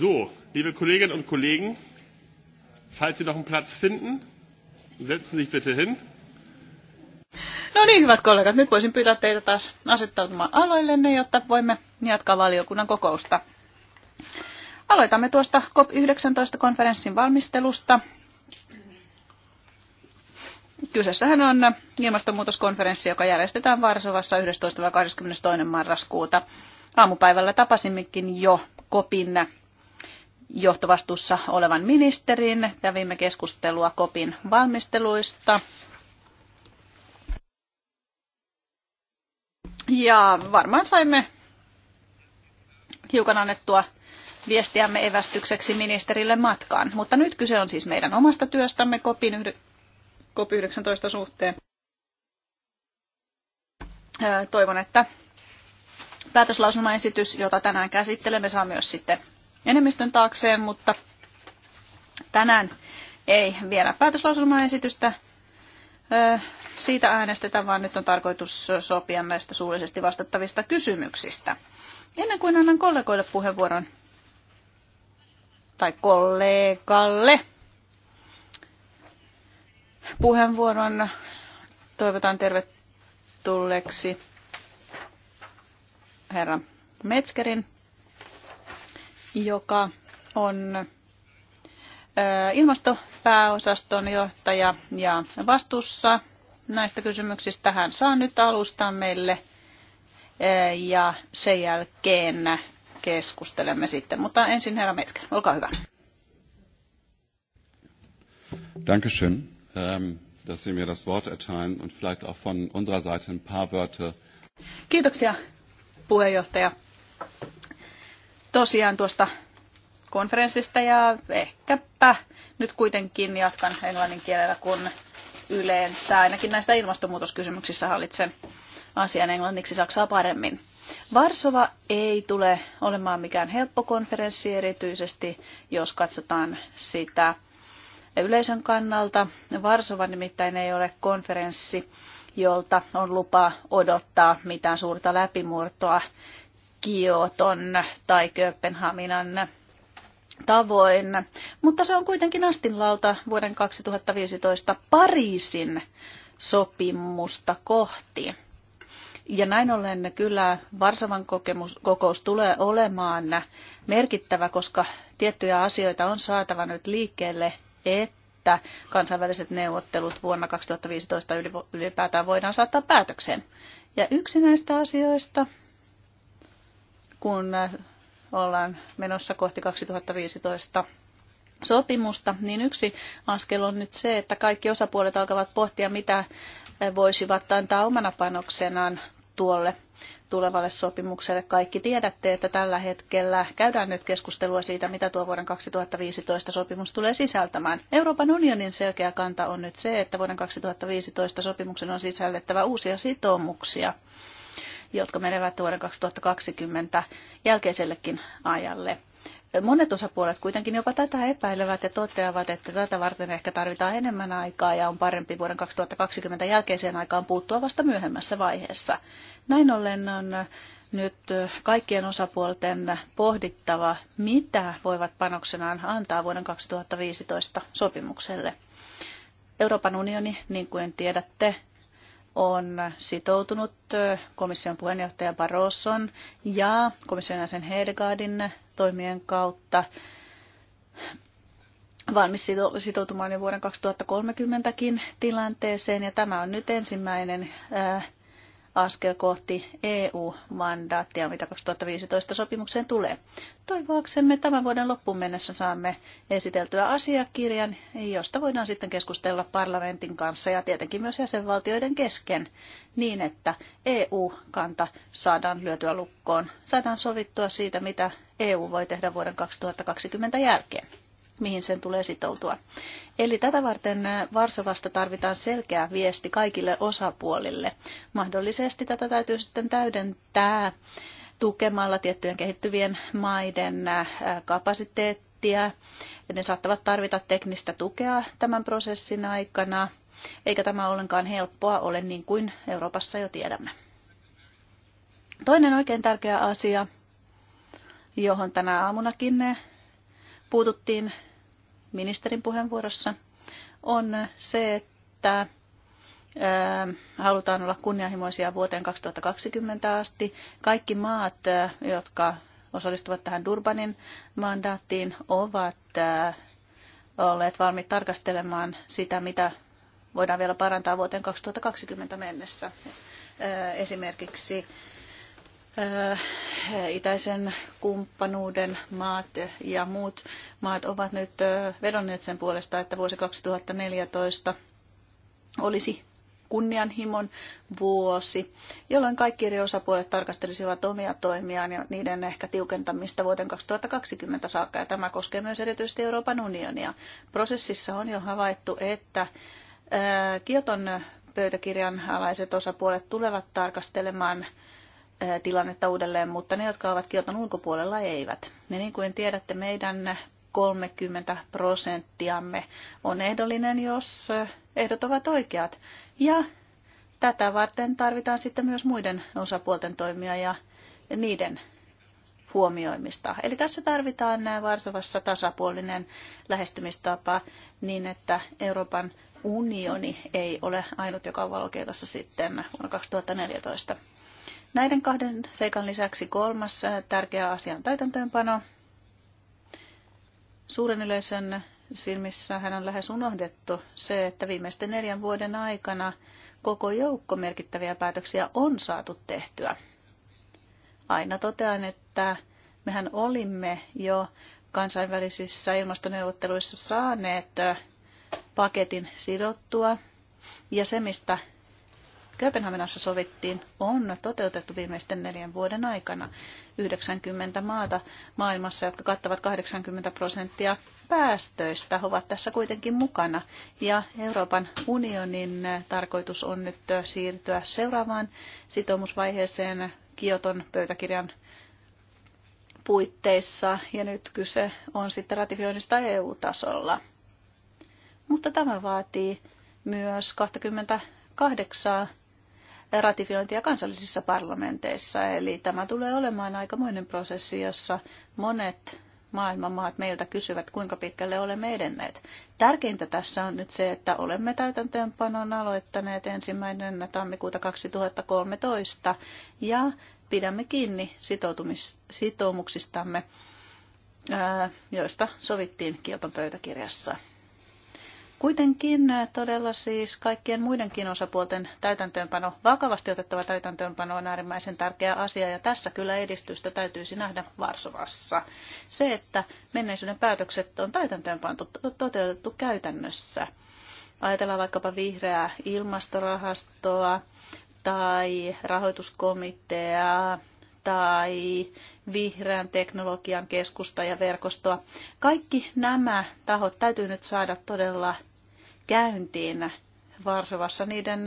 So, liebe Kolleginnen und Kollegen, falls Sie noch einen Platz finden, setzen Sie sich bitte hin. No niin, hyvät kollegat, nyt voisin pyytää teitä taas asettautumaan aloillenne, jotta voimme jatkaa valiokunnan kokousta. Aloitamme tuosta COP19-konferenssin valmistelusta. Kyseessähän on ilmastonmuutoskonferenssi, joka järjestetään Varsovassa 11-22. marraskuuta. Aamupäivällä tapasimmekin jo COPin johtovastuussa olevan ministerin. Kävimme keskustelua kopin valmisteluista. Ja varmaan saimme hiukan annettua viestiämme evästykseksi ministerille matkaan. Mutta nyt kyse on siis meidän omasta työstämme COP19 suhteen. Toivon, että päätöslausumaesitys, jota tänään käsittelemme, saa myös sitten enemmistön taakseen, mutta tänään ei vielä päätöslauselmaesitystä siitä äänestetään, vaan nyt on tarkoitus sopia näistä suullisesti vastattavista kysymyksistä. Ennen kuin annan kollegoille puheenvuoron, tai kollegalle puheenvuoron, toivotan tervetulleeksi herra Metskerin joka on ilmastopääosaston johtaja ja vastuussa näistä kysymyksistä. Hän saa nyt alustaa meille ja sen jälkeen keskustelemme sitten. Mutta ensin herra Metskä, olkaa hyvä. Dankeschön, ähm, dass Sie mir das Wort erteilen und vielleicht auch von unserer Seite ein paar Wörter. Kiitoksia, puheenjohtaja tosiaan tuosta konferenssista ja ehkäpä nyt kuitenkin jatkan englannin kielellä, kun yleensä ainakin näistä ilmastonmuutoskysymyksissä hallitsen asian englanniksi Saksaa paremmin. Varsova ei tule olemaan mikään helppo konferenssi erityisesti, jos katsotaan sitä yleisön kannalta. Varsova nimittäin ei ole konferenssi, jolta on lupa odottaa mitään suurta läpimurtoa Kioton tai Kööpenhaminan tavoin, mutta se on kuitenkin astinlauta vuoden 2015 Pariisin sopimusta kohti. Ja näin ollen kyllä Varsavan kokemus, kokous tulee olemaan merkittävä, koska tiettyjä asioita on saatava nyt liikkeelle, että kansainväliset neuvottelut vuonna 2015 ylipäätään voidaan saattaa päätökseen. Ja yksi näistä asioista kun ollaan menossa kohti 2015 sopimusta, niin yksi askel on nyt se, että kaikki osapuolet alkavat pohtia, mitä voisivat antaa omana panoksenaan tuolle tulevalle sopimukselle. Kaikki tiedätte, että tällä hetkellä käydään nyt keskustelua siitä, mitä tuo vuoden 2015 sopimus tulee sisältämään. Euroopan unionin selkeä kanta on nyt se, että vuoden 2015 sopimuksen on sisällettävä uusia sitoumuksia jotka menevät vuoden 2020 jälkeisellekin ajalle. Monet osapuolet kuitenkin jopa tätä epäilevät ja toteavat, että tätä varten ehkä tarvitaan enemmän aikaa ja on parempi vuoden 2020 jälkeiseen aikaan puuttua vasta myöhemmässä vaiheessa. Näin ollen on nyt kaikkien osapuolten pohdittava, mitä voivat panoksenaan antaa vuoden 2015 sopimukselle. Euroopan unioni, niin kuin tiedätte, on sitoutunut komission puheenjohtaja Barroson ja komission jäsen Hedegaardin toimien kautta valmis sitoutumaan jo vuoden 2030kin tilanteeseen. Ja tämä on nyt ensimmäinen askel kohti EU-mandaattia, mitä 2015 sopimukseen tulee. Toivoaksemme tämän vuoden loppuun mennessä saamme esiteltyä asiakirjan, josta voidaan sitten keskustella parlamentin kanssa ja tietenkin myös jäsenvaltioiden kesken niin, että EU-kanta saadaan lyötyä lukkoon, saadaan sovittua siitä, mitä EU voi tehdä vuoden 2020 jälkeen mihin sen tulee sitoutua. Eli tätä varten Varsovasta tarvitaan selkeä viesti kaikille osapuolille. Mahdollisesti tätä täytyy sitten täydentää tukemalla tiettyjen kehittyvien maiden kapasiteettia. Ne saattavat tarvita teknistä tukea tämän prosessin aikana, eikä tämä ollenkaan helppoa ole niin kuin Euroopassa jo tiedämme. Toinen oikein tärkeä asia, johon tänä aamunakin puututtiin ministerin puheenvuorossa, on se, että halutaan olla kunnianhimoisia vuoteen 2020 asti. Kaikki maat, jotka osallistuvat tähän Durbanin mandaattiin, ovat olleet valmiit tarkastelemaan sitä, mitä voidaan vielä parantaa vuoteen 2020 mennessä. Esimerkiksi itäisen kumppanuuden maat ja muut maat ovat nyt vedonneet sen puolesta, että vuosi 2014 olisi kunnianhimon vuosi, jolloin kaikki eri osapuolet tarkastelisivat omia toimiaan ja niiden ehkä tiukentamista vuoteen 2020 saakka. Ja tämä koskee myös erityisesti Euroopan unionia. Prosessissa on jo havaittu, että Kioton pöytäkirjan alaiset osapuolet tulevat tarkastelemaan tilannetta uudelleen, mutta ne, jotka ovat Kioton ulkopuolella, eivät. Ja niin kuin tiedätte, meidän 30 prosenttiamme on ehdollinen, jos ehdot ovat oikeat. Ja tätä varten tarvitaan sitten myös muiden osapuolten toimia ja niiden huomioimista. Eli tässä tarvitaan Varsovassa tasapuolinen lähestymistapa niin, että Euroopan unioni ei ole ainut, joka on valokeilassa sitten vuonna 2014. Näiden kahden seikan lisäksi kolmas tärkeä asia on täytäntöönpano. Suuren yleisön silmissä hän on lähes unohdettu se, että viimeisten neljän vuoden aikana koko joukko merkittäviä päätöksiä on saatu tehtyä. Aina totean, että mehän olimme jo kansainvälisissä ilmastoneuvotteluissa saaneet paketin sidottua. Ja se, mistä Kööpenhaminassa sovittiin, on toteutettu viimeisten neljän vuoden aikana 90 maata maailmassa, jotka kattavat 80 prosenttia päästöistä, ovat tässä kuitenkin mukana. Ja Euroopan unionin tarkoitus on nyt siirtyä seuraavaan sitoumusvaiheeseen Kioton pöytäkirjan puitteissa, ja nyt kyse on sitten ratifioinnista EU-tasolla. Mutta tämä vaatii myös 28 ratifiointia kansallisissa parlamenteissa. Eli tämä tulee olemaan aikamoinen prosessi, jossa monet maailmanmaat meiltä kysyvät, kuinka pitkälle olemme edenneet. Tärkeintä tässä on nyt se, että olemme täytäntöönpanon aloittaneet ensimmäinen tammikuuta 2013 ja pidämme kiinni sitoumuksistamme, joista sovittiin Kioton pöytäkirjassa. Kuitenkin todella siis kaikkien muidenkin osapuolten täytäntöönpano, vakavasti otettava täytäntöönpano on äärimmäisen tärkeä asia ja tässä kyllä edistystä täytyisi nähdä Varsovassa. Se, että menneisyyden päätökset on täytäntöönpantu, toteutettu käytännössä. Ajatellaan vaikkapa vihreää ilmastorahastoa tai rahoituskomiteaa tai vihreän teknologian keskusta ja verkostoa. Kaikki nämä tahot täytyy nyt saada todella käyntiin Varsovassa. Niiden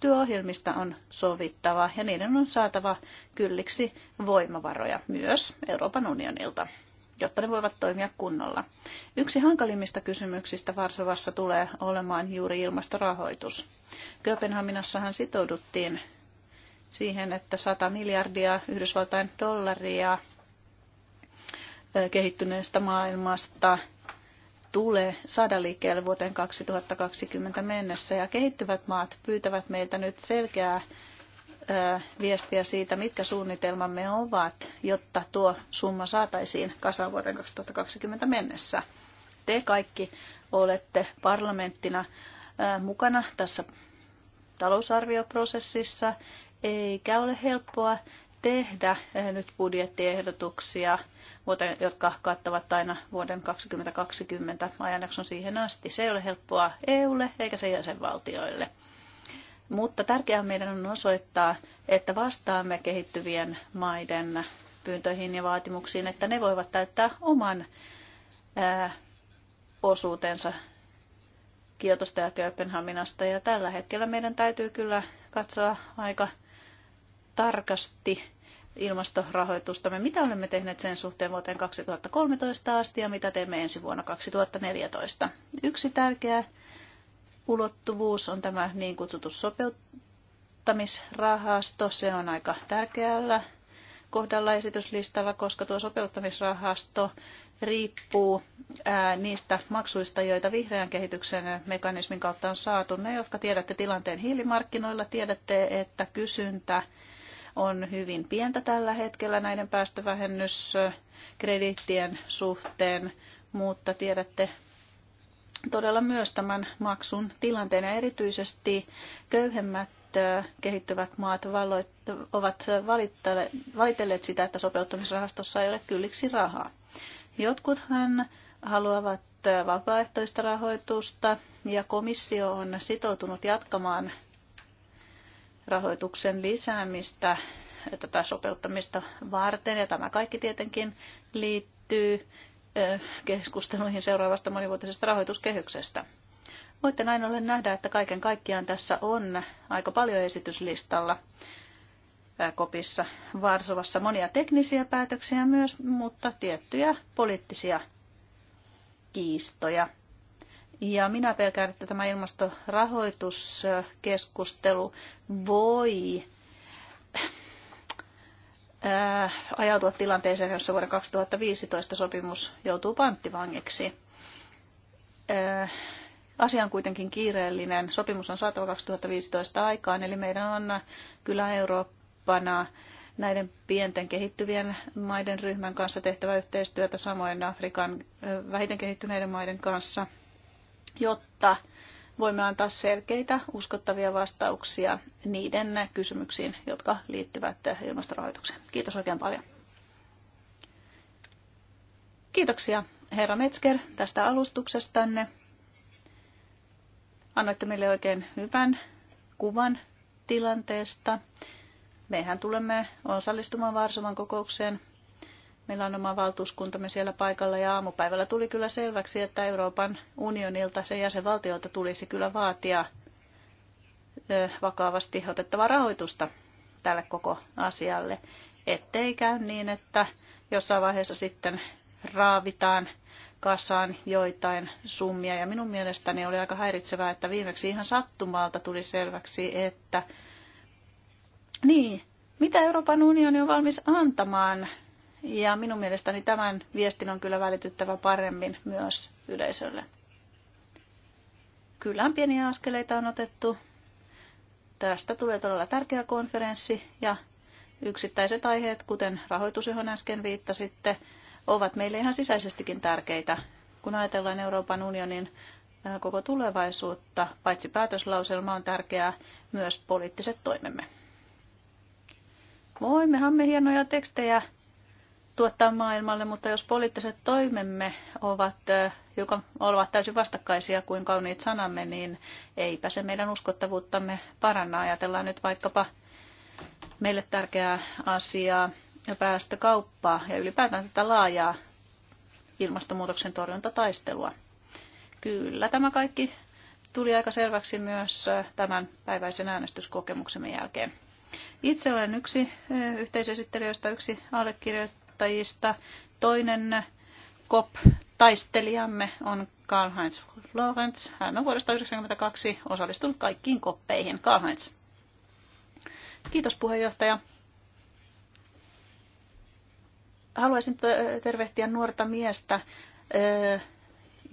työohjelmista on sovittava ja niiden on saatava kylliksi voimavaroja myös Euroopan unionilta jotta ne voivat toimia kunnolla. Yksi hankalimmista kysymyksistä Varsovassa tulee olemaan juuri ilmastorahoitus. Kööpenhaminassahan sitouduttiin siihen, että 100 miljardia Yhdysvaltain dollaria kehittyneestä maailmasta tulee sadaliikkeelle vuoteen 2020 mennessä. Ja kehittyvät maat pyytävät meiltä nyt selkeää viestiä siitä, mitkä suunnitelmamme ovat, jotta tuo summa saataisiin kasaan vuoteen 2020 mennessä. Te kaikki olette parlamenttina mukana tässä talousarvioprosessissa eikä ole helppoa tehdä eh, nyt budjettiehdotuksia, jotka kattavat aina vuoden 2020 ajanjakson siihen asti. Se ei ole helppoa EUlle eikä sen jäsenvaltioille. Mutta tärkeää meidän on osoittaa, että vastaamme kehittyvien maiden pyyntöihin ja vaatimuksiin, että ne voivat täyttää oman ää, eh, osuutensa Kiotosta ja Kööpenhaminasta. Ja tällä hetkellä meidän täytyy kyllä katsoa aika tarkasti ilmastorahoitustamme, mitä olemme tehneet sen suhteen vuoteen 2013 asti ja mitä teemme ensi vuonna 2014. Yksi tärkeä ulottuvuus on tämä niin kutsuttu sopeuttamisrahasto. Se on aika tärkeällä kohdalla esityslistalla, koska tuo sopeuttamisrahasto riippuu ää, niistä maksuista, joita vihreän kehityksen mekanismin kautta on saatu. Ne, jotka tiedätte tilanteen hiilimarkkinoilla, tiedätte, että kysyntä on hyvin pientä tällä hetkellä näiden päästövähennyskrediittien suhteen, mutta tiedätte todella myös tämän maksun tilanteen ja erityisesti köyhemmät äh, kehittyvät maat ovat valitelleet sitä, että sopeuttamisrahastossa ei ole kylliksi rahaa. Jotkuthan haluavat äh, vapaaehtoista rahoitusta ja komissio on sitoutunut jatkamaan rahoituksen lisäämistä tätä sopeuttamista varten. Ja tämä kaikki tietenkin liittyy keskusteluihin seuraavasta monivuotisesta rahoituskehyksestä. Voitte näin ollen nähdä, että kaiken kaikkiaan tässä on aika paljon esityslistalla kopissa Varsovassa monia teknisiä päätöksiä myös, mutta tiettyjä poliittisia kiistoja ja minä pelkään, että tämä ilmastorahoituskeskustelu voi äh, ajautua tilanteeseen, jossa vuoden 2015 sopimus joutuu panttivangiksi. Äh, asia on kuitenkin kiireellinen. Sopimus on saatava 2015 aikaan, eli meidän on kyllä Eurooppana näiden pienten kehittyvien maiden ryhmän kanssa tehtävä yhteistyötä, samoin Afrikan äh, vähiten kehittyneiden maiden kanssa – jotta voimme antaa selkeitä, uskottavia vastauksia niiden kysymyksiin, jotka liittyvät ilmastorahoitukseen. Kiitos oikein paljon. Kiitoksia herra Metzger tästä alustuksestanne. Annoitte meille oikein hyvän kuvan tilanteesta. Mehän tulemme osallistumaan Varsovan kokoukseen Meillä on oma valtuuskuntamme siellä paikalla ja aamupäivällä tuli kyllä selväksi, että Euroopan unionilta sen jäsenvaltiolta tulisi kyllä vaatia vakavasti otettavaa rahoitusta tälle koko asialle, ettei käy niin, että jossain vaiheessa sitten raavitaan kasaan joitain summia. Ja minun mielestäni oli aika häiritsevää, että viimeksi ihan sattumalta tuli selväksi, että niin, mitä Euroopan unioni on valmis antamaan ja minun mielestäni tämän viestin on kyllä välityttävä paremmin myös yleisölle. Kylän pieniä askeleita on otettu. Tästä tulee todella tärkeä konferenssi ja yksittäiset aiheet, kuten rahoitus, johon äsken viittasitte, ovat meille ihan sisäisestikin tärkeitä, kun ajatellaan Euroopan unionin koko tulevaisuutta. Paitsi päätöslauselma on tärkeää, myös poliittiset toimemme. Voimmehan me hienoja tekstejä tuottaa maailmalle, mutta jos poliittiset toimemme ovat, joka ovat täysin vastakkaisia kuin kauniit sanamme, niin eipä se meidän uskottavuuttamme paranna. Ajatellaan nyt vaikkapa meille tärkeää asiaa, päästökauppaa ja ylipäätään tätä laajaa ilmastonmuutoksen torjuntataistelua. Kyllä, tämä kaikki tuli aika selväksi myös tämän päiväisen äänestyskokemuksemme jälkeen. Itse olen yksi yhteisesittelijöistä, yksi allekirjoittaja johtajista. Toinen COP-taistelijamme on Karl-Heinz Lorenz. Hän on vuodesta 1992 osallistunut kaikkiin koppeihin. Karl-Heinz. Kiitos puheenjohtaja. Haluaisin tervehtiä nuorta miestä,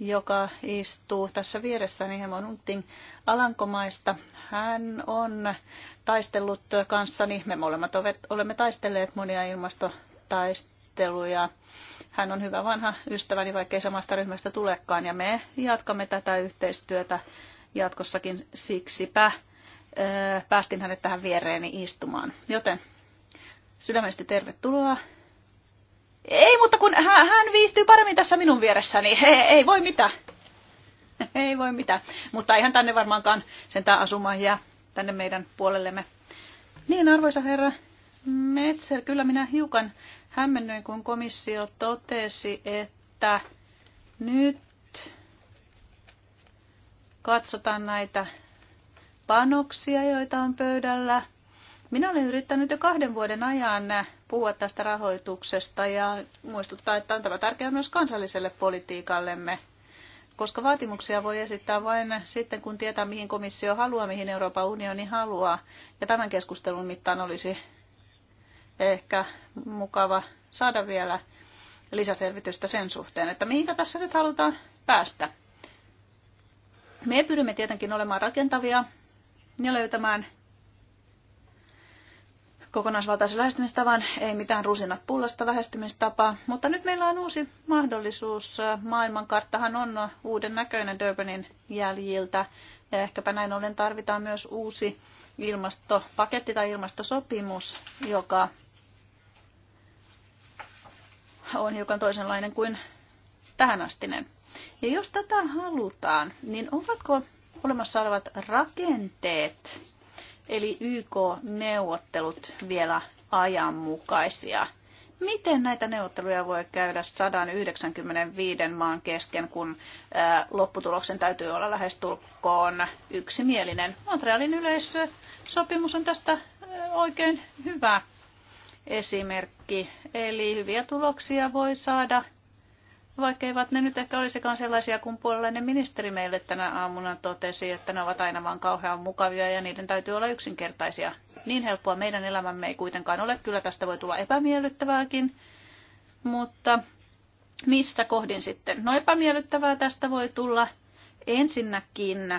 joka istuu tässä hän niin Hemon Unting Alankomaista. Hän on taistellut kanssani, me molemmat olemme taistelleet monia ilmastotaistelijoita ja Hän on hyvä vanha ystäväni, vaikkei samasta ryhmästä tulekaan, ja me jatkamme tätä yhteistyötä jatkossakin siksipä. Päästin hänet tähän viereeni istumaan. Joten sydämesti tervetuloa. Ei, mutta kun hän, hän viihtyy paremmin tässä minun vieressäni, ei, ei voi mitään. Ei voi mitään. Mutta ihan tänne varmaankaan sentään asumaan ja tänne meidän puolellemme. Niin, arvoisa herra Metzer, kyllä minä hiukan hämmennyin, kun komissio totesi, että nyt katsotaan näitä panoksia, joita on pöydällä. Minä olen yrittänyt jo kahden vuoden ajan puhua tästä rahoituksesta ja muistuttaa, että on tämä tärkeää myös kansalliselle politiikallemme, koska vaatimuksia voi esittää vain sitten, kun tietää, mihin komissio haluaa, mihin Euroopan unioni haluaa. Ja tämän keskustelun mittaan olisi ehkä mukava saada vielä lisäselvitystä sen suhteen, että mihinkä tässä nyt halutaan päästä. Me pyrimme tietenkin olemaan rakentavia ja löytämään kokonaisvaltaisen lähestymistavan, ei mitään rusinat pullasta lähestymistapaa, mutta nyt meillä on uusi mahdollisuus. Maailmankarttahan on uuden näköinen Durbanin jäljiltä ja ehkäpä näin ollen tarvitaan myös uusi ilmastopaketti tai ilmastosopimus, joka on hiukan toisenlainen kuin tähänastinen. Ja jos tätä halutaan, niin ovatko olemassa olevat rakenteet, eli YK-neuvottelut vielä ajanmukaisia? Miten näitä neuvotteluja voi käydä 195 maan kesken, kun lopputuloksen täytyy olla lähestulkoon yksimielinen? Montrealin yleissopimus on tästä oikein hyvä esimerkki. Eli hyviä tuloksia voi saada, eivät ne nyt ehkä olisikaan sellaisia kuin puolellinen ministeri meille tänä aamuna totesi, että ne ovat aina vaan kauhean mukavia ja niiden täytyy olla yksinkertaisia. Niin helppoa meidän elämämme ei kuitenkaan ole. Kyllä tästä voi tulla epämiellyttävääkin, mutta mistä kohdin sitten? No epämiellyttävää tästä voi tulla ensinnäkin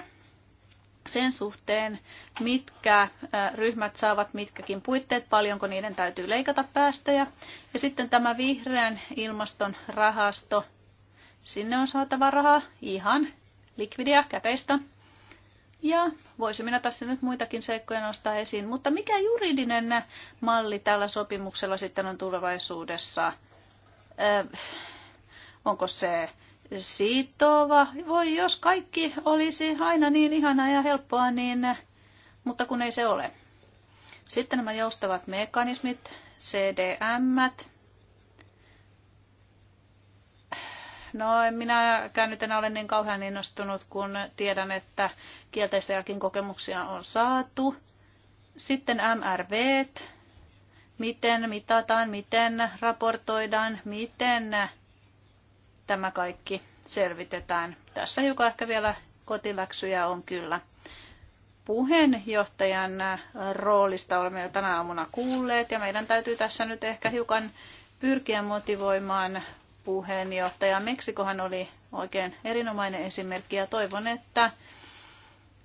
sen suhteen, mitkä ryhmät saavat mitkäkin puitteet, paljonko niiden täytyy leikata päästöjä. Ja sitten tämä vihreän ilmaston rahasto, sinne on saatava rahaa ihan likvidia käteistä. Ja voisi minä tässä nyt muitakin seikkoja nostaa esiin, mutta mikä juridinen malli tällä sopimuksella sitten on tulevaisuudessa? Öö, onko se sitova. Voi jos kaikki olisi aina niin ihanaa ja helppoa, niin, mutta kun ei se ole. Sitten nämä joustavat mekanismit, CDM. -t. No en minäkään nyt enää ole niin kauhean innostunut, kun tiedän, että kielteistäkin kokemuksia on saatu. Sitten MRV, -t. miten mitataan, miten raportoidaan, miten tämä kaikki selvitetään. Tässä joka ehkä vielä kotiläksyjä on kyllä. Puheenjohtajan roolista olemme jo tänä aamuna kuulleet ja meidän täytyy tässä nyt ehkä hiukan pyrkiä motivoimaan puheenjohtaja. Meksikohan oli oikein erinomainen esimerkki ja toivon, että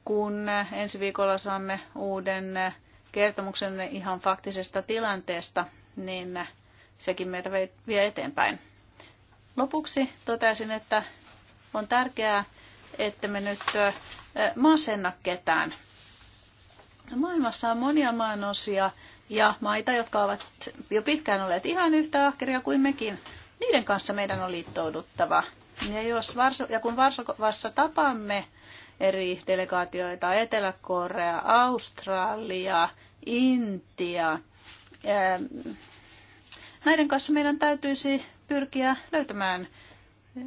kun ensi viikolla saamme uuden kertomuksen ihan faktisesta tilanteesta, niin sekin meitä vie eteenpäin. Lopuksi totesin, että on tärkeää, että me nyt masenna ketään. Maailmassa on monia maanosia ja maita, jotka ovat jo pitkään olleet ihan yhtä ahkeria kuin mekin. Niiden kanssa meidän on liittouduttava. Ja, jos Varso, ja kun Varsovassa tapaamme eri delegaatioita, Etelä-Korea, Australia, Intia, näiden kanssa meidän täytyisi pyrkiä löytämään,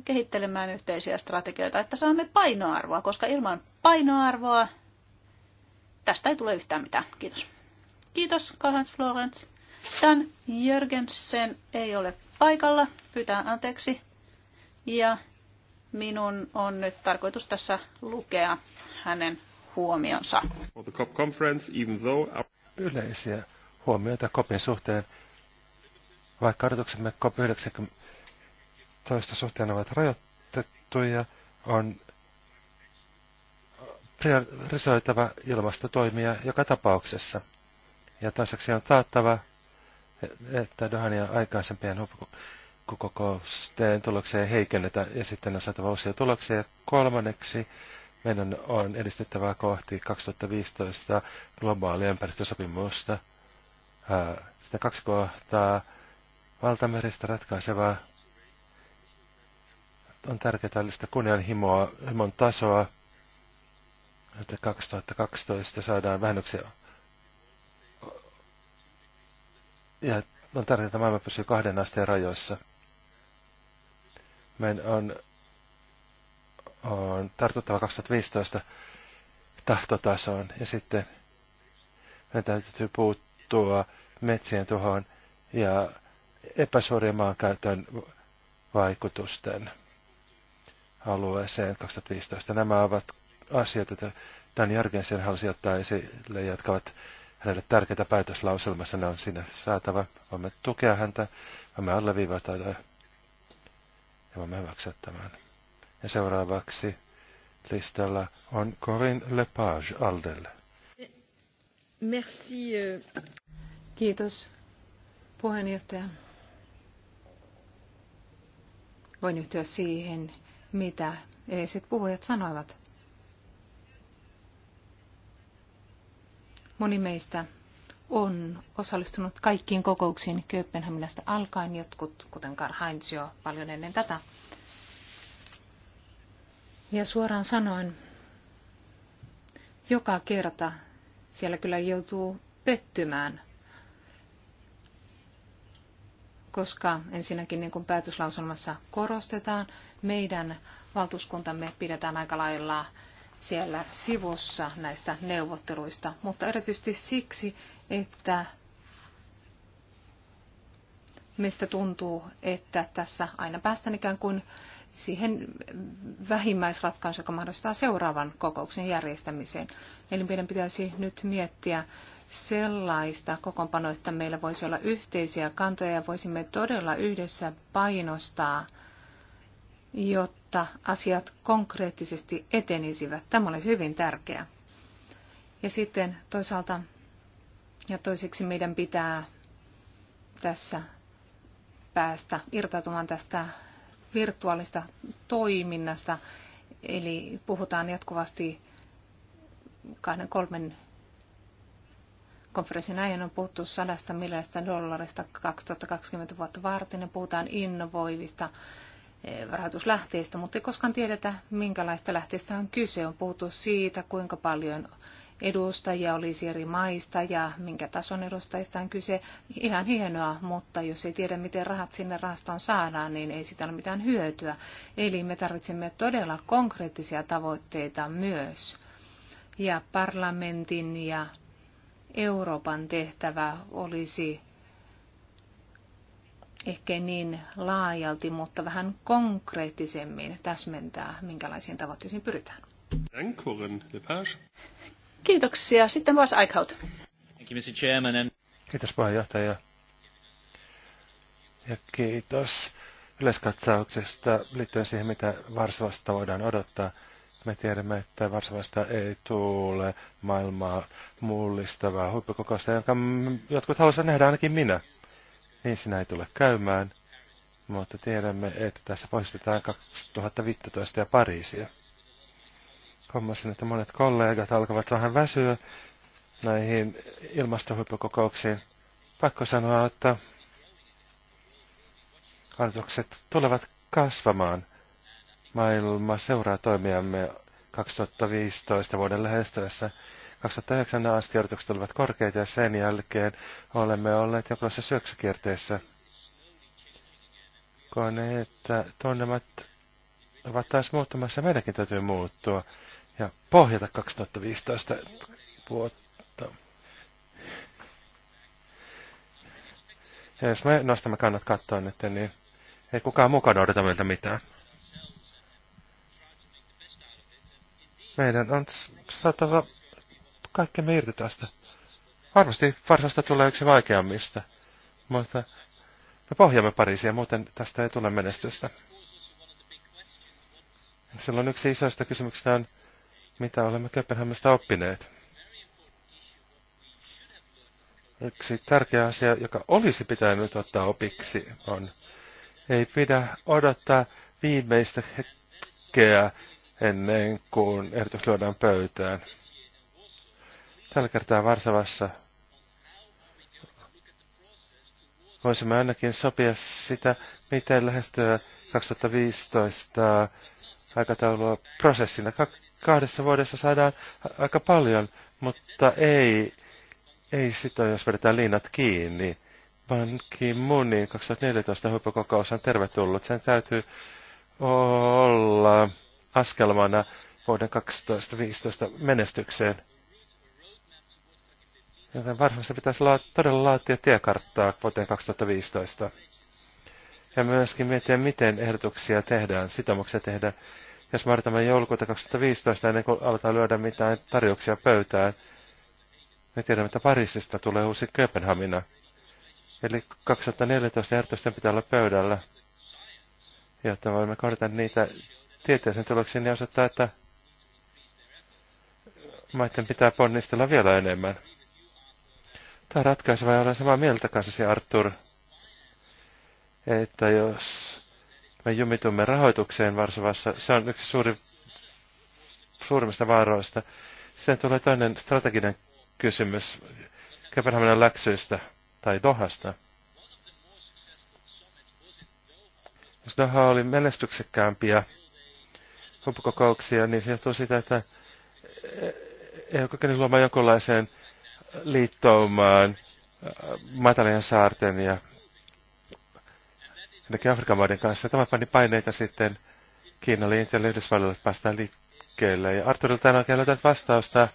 kehittelemään yhteisiä strategioita, että saamme painoarvoa, koska ilman painoarvoa tästä ei tule yhtään mitään. Kiitos. Kiitos, karl Florence. Dan Jörgensen ei ole paikalla, pyytää anteeksi. Ja minun on nyt tarkoitus tässä lukea hänen huomionsa. Yleisiä huomioita kopin suhteen, vaikka odotuksemme COP19 suhteen ovat rajoitettuja, on priorisoitava ilmastotoimia joka tapauksessa. Ja toiseksi on taattava, että Dohan ja aikaisempien huippukokousten tuloksia ei heikennetä ja sitten on saatava uusia tuloksia. kolmanneksi meidän on edistettävää kohti 2015 globaalia ympäristösopimusta. Sitä kaksi kohtaa valtamerestä ratkaisevaa on tärkeää tällaista kunnianhimoa, himon tasoa, että 2012 saadaan vähennyksiä. Ja on tärkeää, että maailma pysyy kahden asteen rajoissa. Meidän on, on tartuttava 2015 tahtotasoon ja sitten meidän täytyy puuttua metsien tuhoon ja epäsuorien maankäytön vaikutusten alueeseen 2015. Nämä ovat asioita, joita Dan Jargensen halusi ottaa esille, jotka ovat hänelle tärkeitä päätöslauselmassa. Ne on siinä saatava. Voimme tukea häntä, voimme alleviivata ja voimme hyväksyä tämän. Ja seuraavaksi listalla on Corinne Lepage Aldelle. Merci. Euh. Kiitos puheenjohtaja voin yhtyä siihen, mitä edelliset puhujat sanoivat. Moni meistä on osallistunut kaikkiin kokouksiin Kööpenhaminasta alkaen, jotkut, kuten Karl Heinz jo paljon ennen tätä. Ja suoraan sanoen, joka kerta siellä kyllä joutuu pettymään – koska ensinnäkin niin kuin päätöslauselmassa korostetaan, meidän valtuuskuntamme pidetään aika lailla siellä sivussa näistä neuvotteluista, mutta erityisesti siksi, että meistä tuntuu, että tässä aina päästään ikään kuin siihen vähimmäisratkaisuun, joka mahdollistaa seuraavan kokouksen järjestämiseen. Eli meidän pitäisi nyt miettiä sellaista kokoonpanoa, että meillä voisi olla yhteisiä kantoja ja voisimme todella yhdessä painostaa, jotta asiat konkreettisesti etenisivät. Tämä olisi hyvin tärkeää. Ja sitten toisaalta ja toiseksi meidän pitää tässä päästä irtautumaan tästä virtuaalista toiminnasta. Eli puhutaan jatkuvasti kahden, kolmen konferenssin ajan on puhuttu sadasta miljardista dollarista 2020 vuotta varten ja puhutaan innovoivista eh, rahoituslähteistä, mutta ei koskaan tiedetä, minkälaista lähteistä on kyse. On puhuttu siitä, kuinka paljon edustajia olisi eri maista ja minkä tason edustajista on kyse. Ihan hienoa, mutta jos ei tiedä, miten rahat sinne rahastoon saadaan, niin ei sitä ole mitään hyötyä. Eli me tarvitsemme todella konkreettisia tavoitteita myös. Ja parlamentin ja Euroopan tehtävä olisi ehkä niin laajalti, mutta vähän konkreettisemmin täsmentää, minkälaisiin tavoitteisiin pyritään. Kiitoksia. Sitten Vas Eichhout. Kiitos puheenjohtaja. Ja kiitos yleiskatsauksesta liittyen siihen, mitä Varsovasta voidaan odottaa. Me tiedämme, että Varsovasta ei tule maailmaa mullistavaa huippukokousta, jonka jotkut haluaisivat nähdä, ainakin minä. Niin sinä ei tule käymään, mutta tiedämme, että tässä poistetaan 2015 ja Pariisia. Hommasin, että monet kollegat alkavat vähän väsyä näihin ilmastohuippukokouksiin. Pakko sanoa, että hallitukset tulevat kasvamaan – Maailma seuraa toimiamme 2015 vuoden lähestyessä. 2009 asti odotukset olivat korkeita ja sen jälkeen olemme olleet jokaisessa syöksykierteessä. Koen, että tunnemat ovat taas muuttumassa ja meidänkin täytyy muuttua ja pohjata 2015 vuotta. Ja jos me nostamme kannat kattoon nyt, niin ei kukaan mukaan odota meiltä mitään. Meidän on saatava kaikkemme irti tästä. Varmasti varsasta tulee yksi vaikeammista, mutta me pohjaamme Pariisia, muuten tästä ei tule menestystä. Silloin yksi isoista kysymyksistä on, mitä olemme Kööpenhaminasta oppineet. Yksi tärkeä asia, joka olisi pitänyt ottaa opiksi, on, ei pidä odottaa viimeistä hetkeä ennen kuin ehdotus lyödään pöytään. Tällä kertaa Varsavassa voisimme ainakin sopia sitä, miten lähestyä 2015 aikataulua prosessina. kahdessa vuodessa saadaan aika paljon, mutta ei, ei sitä, jos vedetään liinat kiinni. Ban Ki-moonin 2014 huippukokous on tervetullut. Sen täytyy olla askelmana vuoden 2015 menestykseen. Joten varmasti pitäisi la- todella laatia tiekarttaa vuoteen 2015. Ja myöskin miettiä, miten ehdotuksia tehdään, sitomuksia tehdään. Jos me odotamme joulukuuta 2015 ennen kuin aletaan lyödä mitään tarjouksia pöytään, me tiedämme, että Pariisista tulee uusi Kööpenhamina. Eli 2014 ehdotusten pitää olla pöydällä, jotta voimme kohdata niitä tieteellisen tuloksen, niin osoittaa, että maiden pitää ponnistella vielä enemmän. Tämä ratkaisu ratkaiseva ja olen samaa mieltä kanssasi, Artur, että jos me jumitumme rahoitukseen Varsovassa, se on yksi suuri, suurimmista vaaroista. Sitten tulee toinen strateginen kysymys Kööpenhaminan läksyistä tai Dohasta. Jos Doha oli menestyksekkäämpiä huippukokouksia, niin se johtuu siitä, että ei ole kokenut luomaan jonkinlaiseen liittoumaan äh, matalien saarten ja jotenkin Afrikan maiden kanssa. Tämä pani paineita sitten Kiinalle, Intialle ja Yhdysvalloille, että päästään liikkeelle. Ja Arturilta en oikein löytänyt vastausta,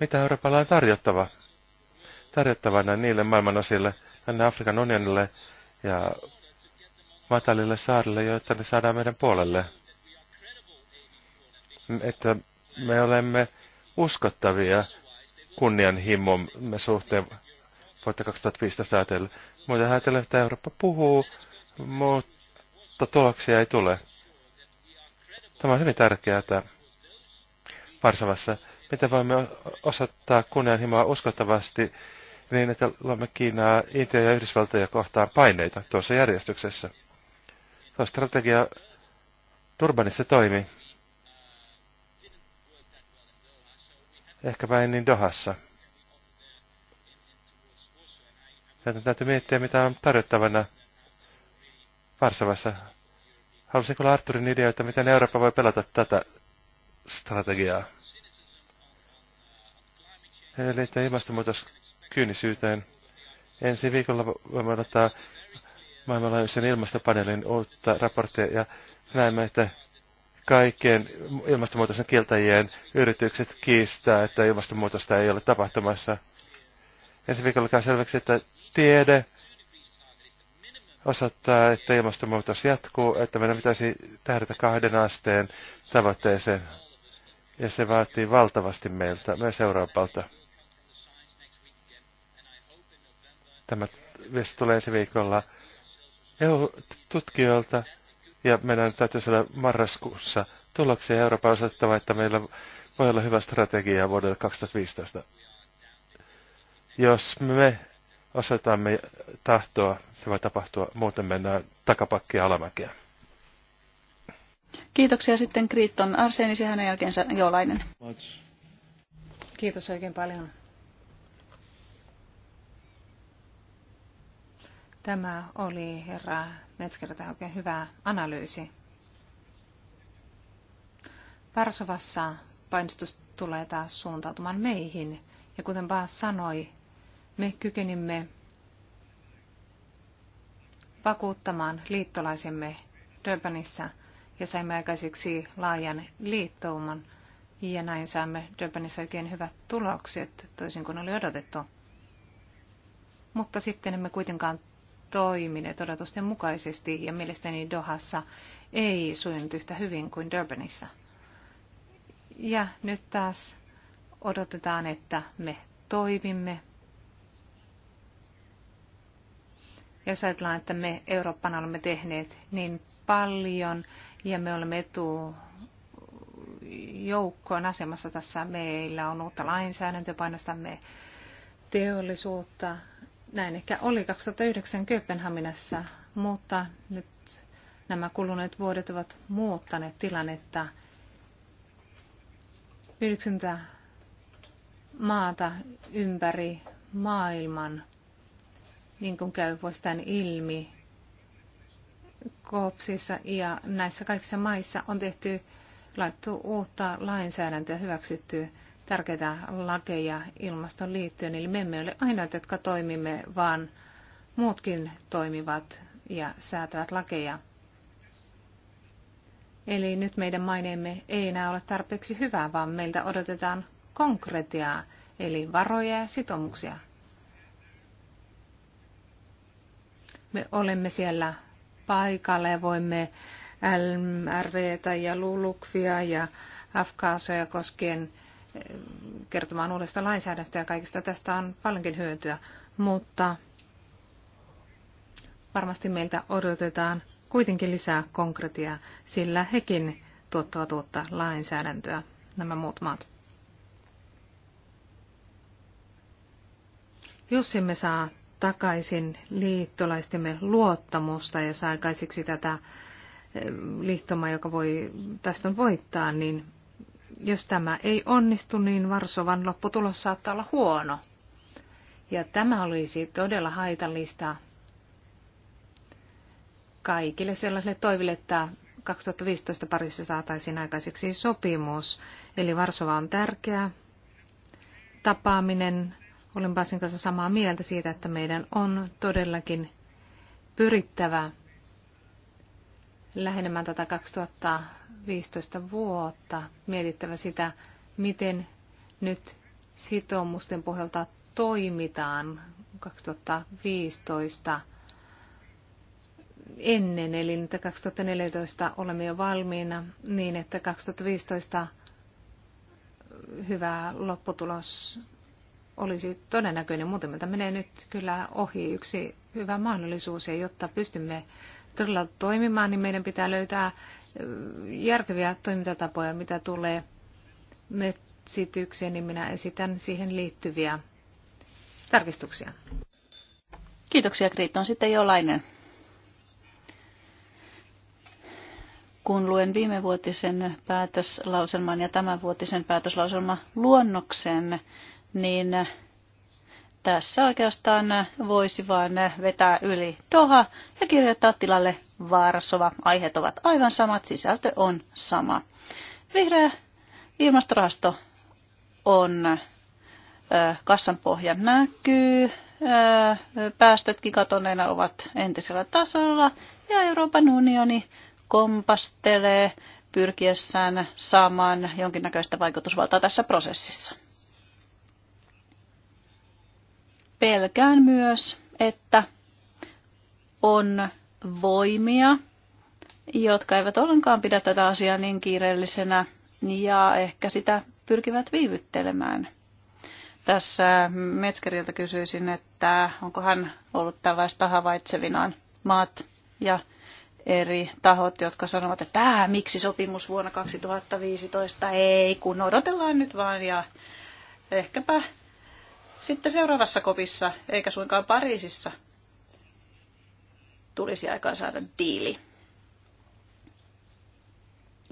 mitä Euroopalla on tarjottava. Tarjottavana niille maailman osille, tänne Afrikan unionille ja matalille saarille, joita ne saadaan meidän puolelle että me olemme uskottavia kunnianhimomme suhteen vuotta 2015 ajatellen. Muuten ajatellen, että Eurooppa puhuu, mutta tuloksia ei tule. Tämä on hyvin tärkeää että Varsavassa. Miten voimme osoittaa kunnianhimoa uskottavasti niin, että luomme Kiinaa, Intia ja Yhdysvaltoja kohtaan paineita tuossa järjestyksessä? Tuo strategia Durbanissa toimi. Ehkäpä en niin Dohassa. Joten täytyy miettiä, mitä on tarjottavana Varsavassa. Haluaisin kuulla Arturin ideoita, miten Eurooppa voi pelata tätä strategiaa. Heille liittyy ilmastonmuutos kyynisyyteen. Ensi viikolla voimme odottaa maailmanlaajuisen ilmastopaneelin uutta raporttia ja näemme, että kaikkien ilmastonmuutoksen kieltäjien yritykset kiistää, että ilmastonmuutosta ei ole tapahtumassa. Ensi viikolla käy selväksi, että tiede osoittaa, että ilmastonmuutos jatkuu, että meidän pitäisi tähdätä kahden asteen tavoitteeseen. Ja se vaatii valtavasti meiltä, myös Euroopalta. Tämä viesti tulee ensi viikolla EU-tutkijoilta ja meidän täytyy olla marraskuussa tuloksia Euroopan osattava, että meillä voi olla hyvä strategia vuodelle 2015. Jos me osoitamme tahtoa, se voi tapahtua, muuten mennään takapakkia alamäkeä. Kiitoksia sitten Kriitton Arsenis ja hänen jälkeensä Joolainen. Kiitos oikein paljon. Tämä oli herra tämä oikein hyvä analyysi. Varsovassa painostus tulee taas suuntautumaan meihin. Ja kuten Baas sanoi, me kykenimme vakuuttamaan liittolaisemme Durbanissa ja saimme aikaiseksi laajan liittouman. Ja näin saamme Durbanissa oikein hyvät tulokset, toisin kuin oli odotettu. Mutta sitten emme kuitenkaan toimineet odotusten mukaisesti ja mielestäni Dohassa ei sujunut yhtä hyvin kuin Durbanissa. Ja nyt taas odotetaan, että me toimimme. Jos ajatellaan, että me Eurooppana olemme tehneet niin paljon ja me olemme etu joukkoon asemassa tässä. Meillä on uutta painostamme teollisuutta, näin ehkä oli 2009 Kööpenhaminassa, mutta nyt nämä kuluneet vuodet ovat muuttaneet tilannetta. 90 maata ympäri maailman, niin kuin käy vuosittain ilmi, Koopsissa ja näissä kaikissa maissa on tehty, laittu uutta lainsäädäntöä, hyväksytty tärkeitä lakeja ilmaston liittyen. Eli me emme ole ainoat, jotka toimimme, vaan muutkin toimivat ja säätävät lakeja. Eli nyt meidän maineemme ei enää ole tarpeeksi hyvää, vaan meiltä odotetaan konkretiaa, eli varoja ja sitomuksia. Me olemme siellä paikalla ja voimme LMRVtä ja Lulukvia ja FKSoja koskien kertomaan uudesta lainsäädännöstä ja kaikista tästä on paljonkin hyötyä, mutta varmasti meiltä odotetaan kuitenkin lisää konkretiaa, sillä hekin tuottavat uutta lainsäädäntöä, nämä muut maat. Jos emme saa takaisin liittolaistemme luottamusta ja saa aikaiseksi tätä eh, liittomaa, joka voi tästä voittaa, niin jos tämä ei onnistu, niin Varsovan lopputulos saattaa olla huono. Ja tämä olisi todella haitallista kaikille sellaisille toiville, että 2015 parissa saataisiin aikaiseksi sopimus. Eli Varsova on tärkeä tapaaminen. Olen Basin kanssa samaa mieltä siitä, että meidän on todellakin pyrittävä lähenemään tätä 2015 vuotta, mietittävä sitä, miten nyt sitoumusten pohjalta toimitaan 2015 ennen, eli että 2014 olemme jo valmiina niin, että 2015 hyvä lopputulos olisi todennäköinen. Muuten meiltä menee nyt kyllä ohi yksi hyvä mahdollisuus, ja jotta pystymme todella toimimaan, niin meidän pitää löytää järkeviä toimintatapoja, mitä tulee metsitykseen, niin minä esitän siihen liittyviä tarkistuksia. Kiitoksia, Kriit. On sitten jollainen. kun luen viimevuotisen päätöslauselman ja tämänvuotisen päätöslauselman luonnoksen, niin tässä oikeastaan voisi vain vetää yli Doha ja kirjoittaa tilalle Varsova. Aiheet ovat aivan samat, sisältö on sama. Vihreä ilmastorahasto on kassan pohja näkyy, päästötkin katoneena ovat entisellä tasolla ja Euroopan unioni kompastelee pyrkiessään saamaan jonkinnäköistä vaikutusvaltaa tässä prosessissa. Pelkään myös, että on voimia, jotka eivät ollenkaan pidä tätä asiaa niin kiireellisenä ja ehkä sitä pyrkivät viivyttelemään. Tässä Metskeriltä kysyisin, että onko hän ollut tällaista havaitsevinaan maat ja eri tahot, jotka sanovat, että tämä miksi sopimus vuonna 2015 ei, kun odotellaan nyt vaan ja ehkäpä sitten seuraavassa kopissa, eikä suinkaan Pariisissa, tulisi aikaan saada diili.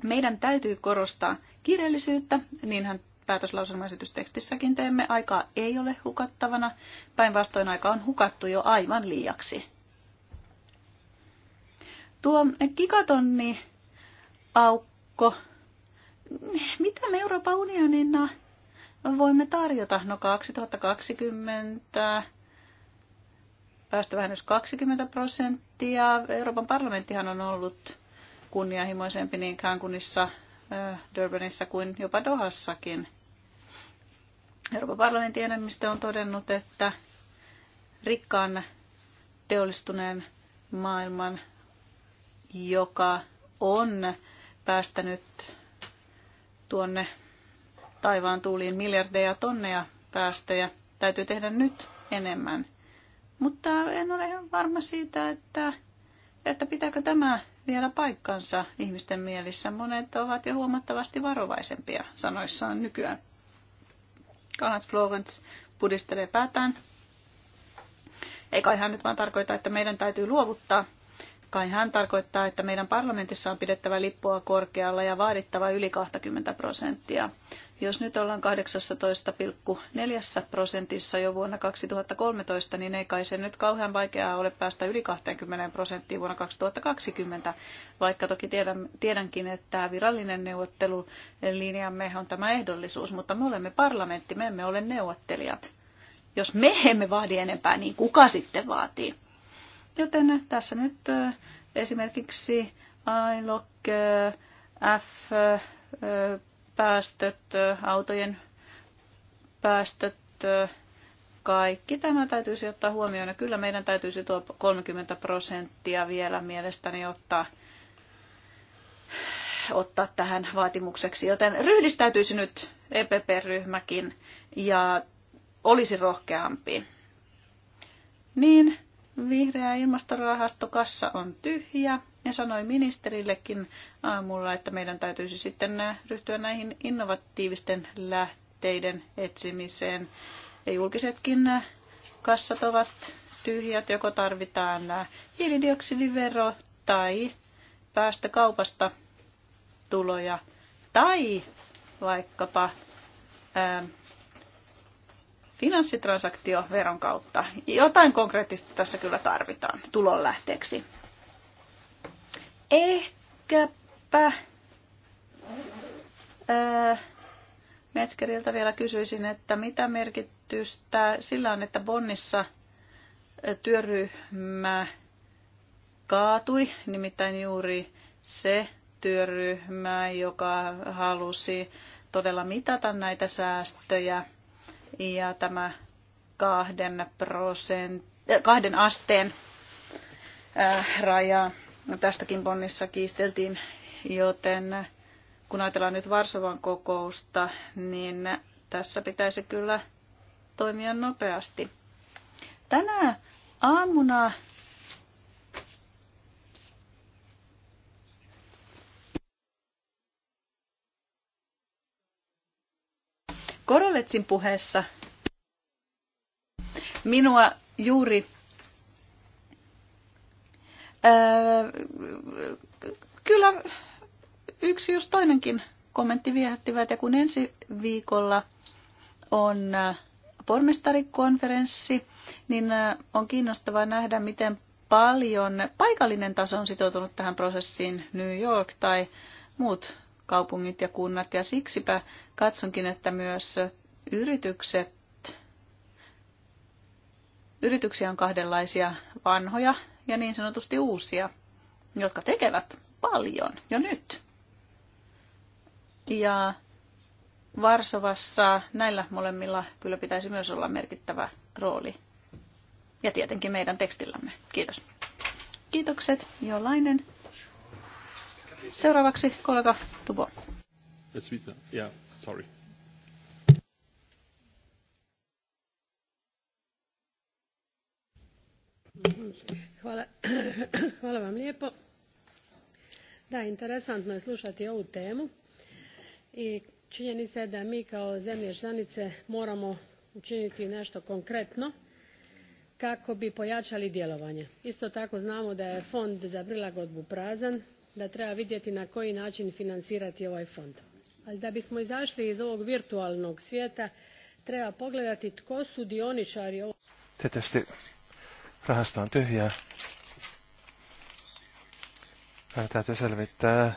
Meidän täytyy korostaa kirjallisuutta, niinhän päätöslauselmaesitystekstissäkin teemme. Aikaa ei ole hukattavana, päinvastoin aika on hukattu jo aivan liiaksi. Tuo gigatonni aukko, mitä me Euroopan unionina voimme tarjota? No 2020 päästövähennys 20 prosenttia. Euroopan parlamenttihan on ollut kunnianhimoisempi niin Cancunissa, Durbanissa kuin jopa Dohassakin. Euroopan parlamentin enemmistö on todennut, että rikkaan teollistuneen maailman, joka on päästänyt tuonne taivaan tuuliin miljardeja tonneja päästöjä. Täytyy tehdä nyt enemmän. Mutta en ole ihan varma siitä, että, että pitääkö tämä vielä paikkansa ihmisten mielissä. Monet ovat jo huomattavasti varovaisempia sanoissaan nykyään. Kanat Florence pudistelee päätään. Ei kai hän nyt vaan tarkoita, että meidän täytyy luovuttaa. Kai hän tarkoittaa, että meidän parlamentissa on pidettävä lippua korkealla ja vaadittava yli 20 prosenttia. Jos nyt ollaan 18,4 prosentissa jo vuonna 2013, niin ei kai se nyt kauhean vaikeaa ole päästä yli 20 prosenttia vuonna 2020, vaikka toki tiedän, tiedänkin, että virallinen neuvottelulinjamme on tämä ehdollisuus, mutta me olemme parlamentti, me emme ole neuvottelijat. Jos me emme vaadi enempää, niin kuka sitten vaatii? Joten tässä nyt esimerkiksi ILOC, F, päästöt, autojen päästöt, kaikki tämä täytyisi ottaa huomioon. Ja kyllä meidän täytyisi tuo 30 prosenttia vielä mielestäni ottaa, ottaa tähän vaatimukseksi. Joten ryhdistäytyisi nyt EPP-ryhmäkin ja olisi rohkeampi. Niin, vihreä ilmastorahastokassa on tyhjä ja sanoi ministerillekin aamulla, että meidän täytyisi sitten ryhtyä näihin innovatiivisten lähteiden etsimiseen. Ja julkisetkin kassat ovat tyhjät, joko tarvitaan hiilidioksidivero tai päästökaupasta tuloja tai vaikkapa ää, finanssitransaktioveron kautta. Jotain konkreettista tässä kyllä tarvitaan tulonlähteeksi. Ehkäpä öö, Metskeriltä vielä kysyisin, että mitä merkitystä sillä on, että Bonnissa äh, työryhmä kaatui, nimittäin juuri se työryhmä, joka halusi todella mitata näitä säästöjä ja tämä kahden, prosent, äh, kahden asteen raja No, tästäkin Bonnissa kiisteltiin, joten kun ajatellaan nyt Varsovan kokousta, niin tässä pitäisi kyllä toimia nopeasti. Tänä aamuna Koroletsin puheessa minua juuri kyllä yksi jos toinenkin kommentti viehättivät. Ja kun ensi viikolla on pormestarikonferenssi, niin on kiinnostavaa nähdä, miten paljon paikallinen taso on sitoutunut tähän prosessiin, New York tai muut kaupungit ja kunnat. Ja siksipä katsonkin, että myös yritykset, yrityksiä on kahdenlaisia vanhoja ja niin sanotusti uusia, jotka tekevät paljon jo nyt. Ja Varsovassa näillä molemmilla kyllä pitäisi myös olla merkittävä rooli. Ja tietenkin meidän tekstillämme. Kiitos. Kiitokset, Jolainen. Seuraavaksi kollega Tubo. Yeah, sorry. Hvala, Hvala vam lijepo. Da, interesantno je slušati ovu temu i činjenica je da mi kao zemlje članice moramo učiniti nešto konkretno kako bi pojačali djelovanje. Isto tako znamo da je fond za prilagodbu prazan, da treba vidjeti na koji način financirati ovaj fond. Ali da bismo izašli iz ovog virtualnog svijeta, treba pogledati tko su dioničari ovog... Tietysti Rahasta on tyhjää. Meidän täytyy selvittää,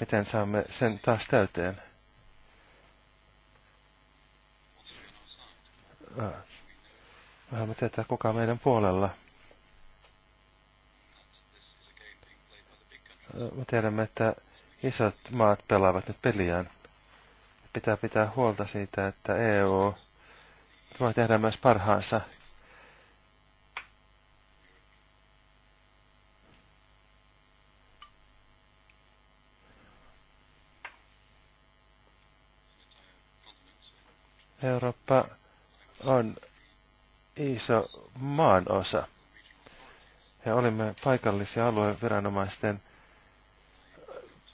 miten saamme sen taas täyteen. Äh, me haluamme tietää, kuka meidän puolella. Äh, me tiedämme, että isot maat pelaavat nyt peliään. Pitää pitää huolta siitä, että EU voi tehdä myös parhaansa Eurooppa on iso maan osa. Ja olimme paikallisia viranomaisten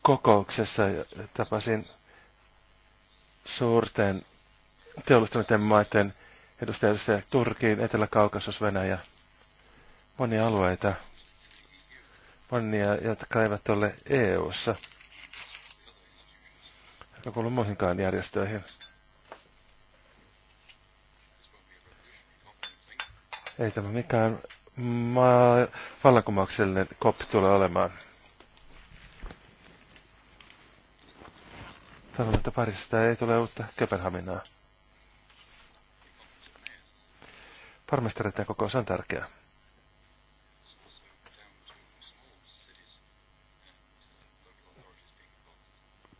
kokouksessa ja tapasin suurten teollistuneiden maiden edustajia Turkiin, Etelä-Kaukasus, Venäjä, monia alueita, monia, jotka eivät ole EU-ssa, eikä kuulu muihinkaan järjestöihin. Ei tämä mikään maa, vallankumouksellinen COP tule olemaan. Toivon, että Pariisista ei tule uutta Köpenhaminaa. Parmestareiden kokous on tärkeä.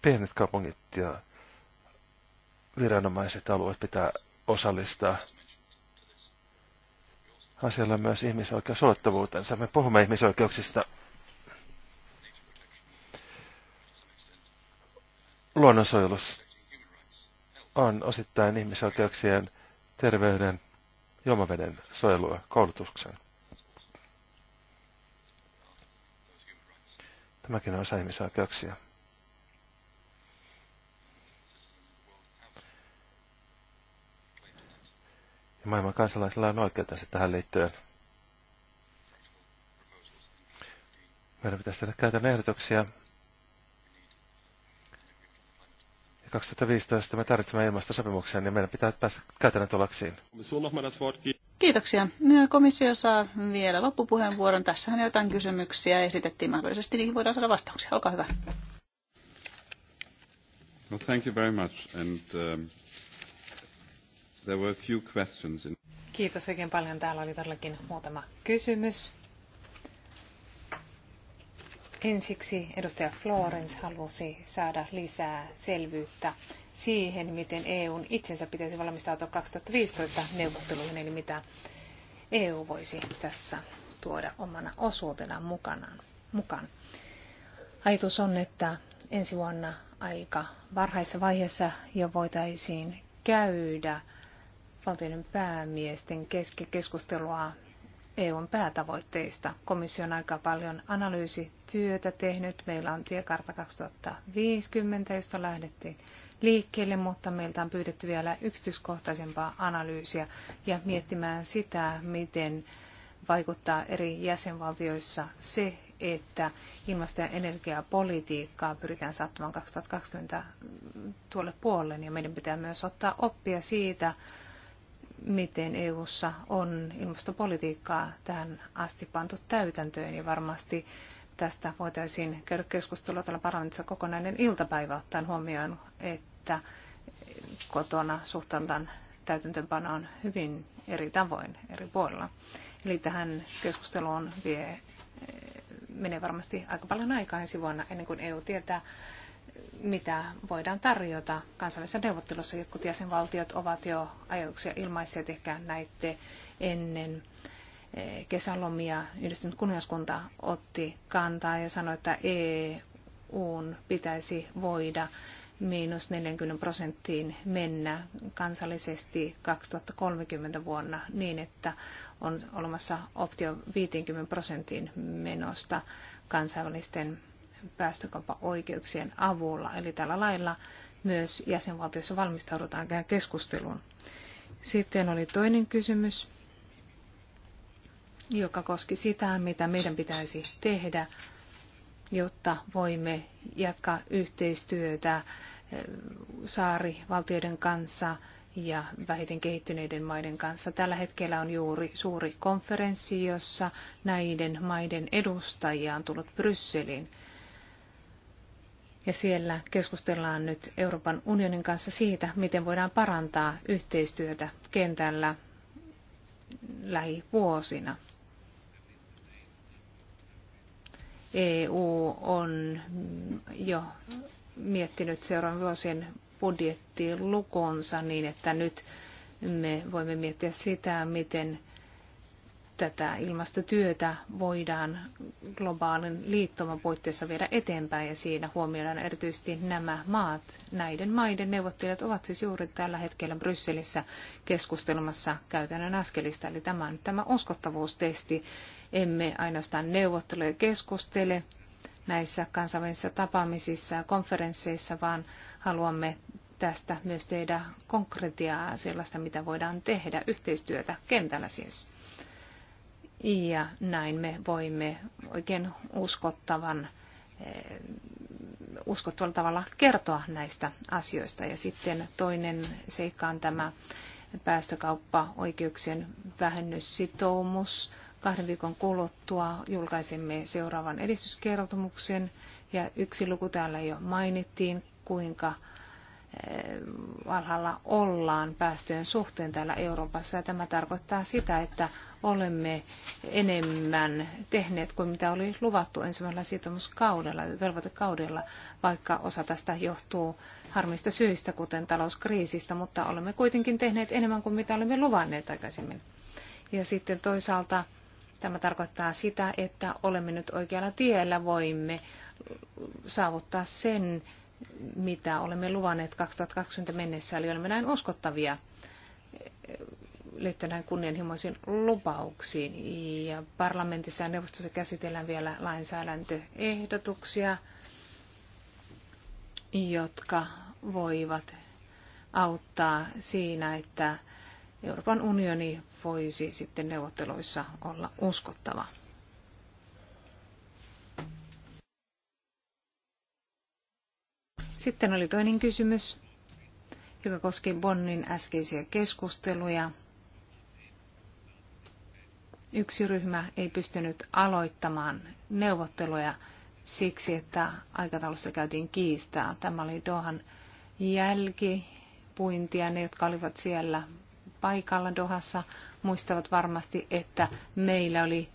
Pienet kaupungit ja viranomaiset alueet pitää osallistaa asialla myös ihmisoikeusolettavuutensa. Me puhumme ihmisoikeuksista luonnonsuojelus on osittain ihmisoikeuksien, terveyden, juomaveden suojelua, koulutuksen. Tämäkin on osa ihmisoikeuksia. Ja maailman kansalaisilla on oikeutensa tähän liittyen. Meidän pitäisi tehdä käytännön ehdotuksia. Ja 2015 me tarvitsemme ilmastosopimuksen, niin meidän pitää päästä käytännön tuloksiin. Kiitoksia. Komissio saa vielä loppupuheenvuoron. Tässähän jotain kysymyksiä esitettiin. Mahdollisesti niihin voidaan saada vastauksia. Olkaa hyvä. Well, thank you very much. And, um... There were few questions in... Kiitos oikein paljon. Täällä oli todellakin muutama kysymys. Ensiksi edustaja Florence halusi saada lisää selvyyttä siihen, miten EUn itsensä pitäisi valmistautua 2015 neuvotteluihin, eli mitä EU voisi tässä tuoda omana osuutenaan mukanaan, mukaan. Ajatus on, että ensi vuonna aika varhaisessa vaiheessa jo voitaisiin käydä valtioiden päämiesten kesken keskustelua EUn päätavoitteista. Komissio on aika paljon analyysityötä tehnyt. Meillä on tiekartta 2050, josta lähdettiin liikkeelle, mutta meiltä on pyydetty vielä yksityiskohtaisempaa analyysiä ja miettimään sitä, miten vaikuttaa eri jäsenvaltioissa se, että ilmasto- ja energiapolitiikkaa pyritään saattamaan 2020 tuolle puolelle, ja meidän pitää myös ottaa oppia siitä, miten EU:ssa on ilmastopolitiikkaa tähän asti pantu täytäntöön ja varmasti tästä voitaisiin käydä keskustelua täällä parlamentissa kokonainen iltapäivä ottaen huomioon, että kotona suhtaudutaan täytäntöönpanoon hyvin eri tavoin eri puolilla. Eli tähän keskusteluun vie, menee varmasti aika paljon aikaa ensi vuonna ennen kuin EU tietää, mitä voidaan tarjota kansallisessa neuvottelussa. Jotkut jäsenvaltiot ovat jo ajatuksia ilmaisseet, ehkä näitte ennen eh, kesälomia. Yhdistynyt kuningaskunta otti kantaa ja sanoi, että EUn pitäisi voida miinus 40 prosenttiin mennä kansallisesti 2030 vuonna niin, että on olemassa optio 50 prosentin menosta kansainvälisten päästökaupan oikeuksien avulla. Eli tällä lailla myös jäsenvaltiossa valmistaudutaan tähän keskusteluun. Sitten oli toinen kysymys, joka koski sitä, mitä meidän pitäisi tehdä, jotta voimme jatkaa yhteistyötä eh, saarivaltioiden kanssa ja vähiten kehittyneiden maiden kanssa. Tällä hetkellä on juuri suuri konferenssi, jossa näiden maiden edustajia on tullut Brysseliin ja siellä keskustellaan nyt Euroopan unionin kanssa siitä, miten voidaan parantaa yhteistyötä kentällä lähivuosina. EU on jo miettinyt seuraavan vuosien budjettilukonsa niin, että nyt me voimme miettiä sitä, miten tätä ilmastotyötä voidaan globaalin liittoman puitteissa viedä eteenpäin ja siinä huomioidaan erityisesti nämä maat. Näiden maiden neuvottelijat ovat siis juuri tällä hetkellä Brysselissä keskustelmassa käytännön askelista, eli tämä on tämä uskottavuustesti. Emme ainoastaan neuvottele ja keskustele näissä kansainvälisissä tapaamisissa ja konferensseissa, vaan haluamme tästä myös tehdä konkretiaa sellaista, mitä voidaan tehdä, yhteistyötä kentällä siis. Ja näin me voimme oikein uskottavan, eh, uskottavalla tavalla kertoa näistä asioista. Ja sitten toinen seikka on tämä päästökauppa-oikeuksien vähennyssitoumus. Kahden viikon kuluttua julkaisemme seuraavan edistyskertomuksen ja yksi luku täällä jo mainittiin, kuinka Eh, alhaalla ollaan päästöjen suhteen täällä Euroopassa. Ja tämä tarkoittaa sitä, että olemme enemmän tehneet kuin mitä oli luvattu ensimmäisellä sitoumuskaudella, velvoitekaudella, vaikka osa tästä johtuu harmista syistä, kuten talouskriisistä, mutta olemme kuitenkin tehneet enemmän kuin mitä olemme luvanneet aikaisemmin. Ja sitten toisaalta tämä tarkoittaa sitä, että olemme nyt oikealla tiellä, voimme saavuttaa sen, mitä olemme luvanneet 2020 mennessä, eli olemme näin uskottavia eh, liittyen näihin kunnianhimoisiin lupauksiin. Ja parlamentissa ja neuvostossa käsitellään vielä lainsäädäntöehdotuksia, jotka voivat auttaa siinä, että Euroopan unioni voisi sitten neuvotteluissa olla uskottava. Sitten oli toinen kysymys, joka koski Bonnin äskeisiä keskusteluja. Yksi ryhmä ei pystynyt aloittamaan neuvotteluja siksi, että aikataulussa käytiin kiistaa. Tämä oli Dohan jälkipuintia. Ne, jotka olivat siellä paikalla Dohassa, muistavat varmasti, että meillä oli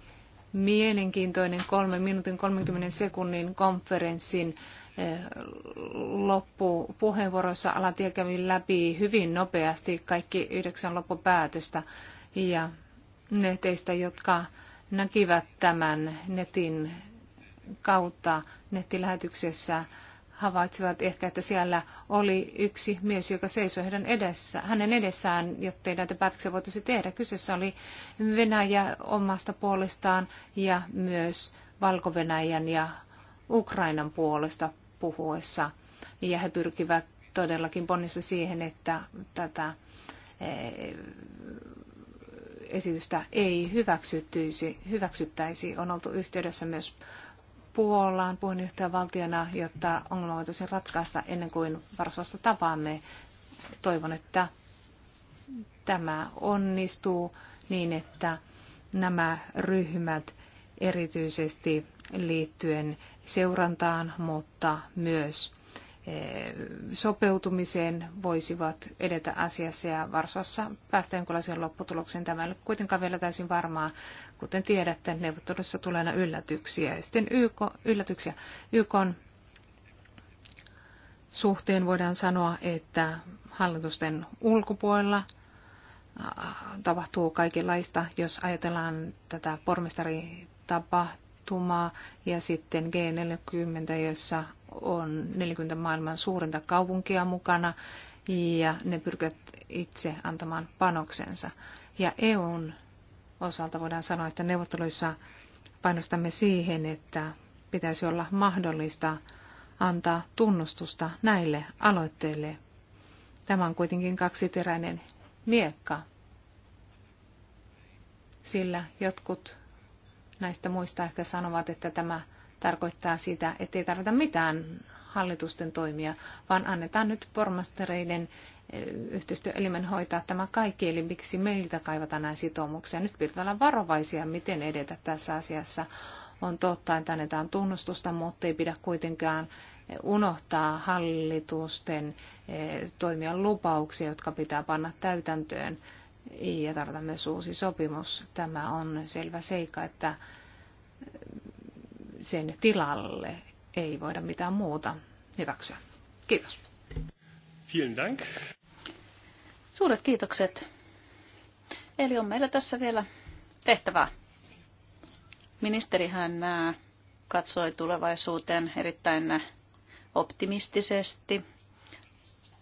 mielenkiintoinen kolme minuutin 30 sekunnin konferenssin eh, loppupuheenvuorossa Alatie kävi läpi hyvin nopeasti kaikki yhdeksän loppupäätöstä. Ja ne teistä, jotka näkivät tämän netin kautta nettilähetyksessä, havaitsivat ehkä, että siellä oli yksi mies, joka seisoi heidän edessä, hänen edessään, jottei näitä päätöksiä voitaisiin tehdä. Kyseessä oli Venäjä omasta puolestaan ja myös valko ja Ukrainan puolesta puhuessa. Ja he pyrkivät todellakin ponnissa siihen, että tätä eh, esitystä ei hyväksyttäisi. On oltu yhteydessä myös Puolaan puheenjohtajavaltiona, jotta ongelma voitaisiin ratkaista ennen kuin Varsovassa tapaamme. Toivon, että tämä onnistuu niin, että nämä ryhmät erityisesti liittyen seurantaan, mutta myös Eh, sopeutumiseen voisivat edetä asiassa ja Varsovassa päästä jonkinlaiseen lopputulokseen. Tämä ei ole kuitenkaan vielä täysin varmaa. Kuten tiedätte, neuvottelussa tulee aina yllätyksiä. Ja sitten YK, yllätyksiä. YK on suhteen voidaan sanoa, että hallitusten ulkopuolella äh, tapahtuu kaikenlaista. Jos ajatellaan tätä pormestaritapahtumaa, tapahtumaa ja sitten G40, jossa on 40 maailman suurinta kaupunkia mukana ja ne pyrkivät itse antamaan panoksensa. Ja EUn osalta voidaan sanoa, että neuvotteluissa painostamme siihen, että pitäisi olla mahdollista antaa tunnustusta näille aloitteille. Tämä on kuitenkin kaksiteräinen miekka, sillä jotkut näistä muista ehkä sanovat, että tämä tarkoittaa sitä, ettei tarvita mitään hallitusten toimia, vaan annetaan nyt pormastereiden eh, yhteistyöelimen hoitaa tämä kaikki, eli miksi meiltä kaivataan näin sitoumuksia. Nyt pitää olla varovaisia, miten edetä tässä asiassa. On totta, että annetaan tunnustusta, mutta ei pidä kuitenkaan eh, unohtaa hallitusten eh, toimia lupauksia, jotka pitää panna täytäntöön ja tarvitaan myös uusi sopimus. Tämä on selvä seikka, että sen tilalle ei voida mitään muuta hyväksyä. Kiitos. Vielen Dank. Suuret kiitokset. Eli on meillä tässä vielä tehtävää. Ministerihän äh, katsoi tulevaisuuteen erittäin äh, optimistisesti.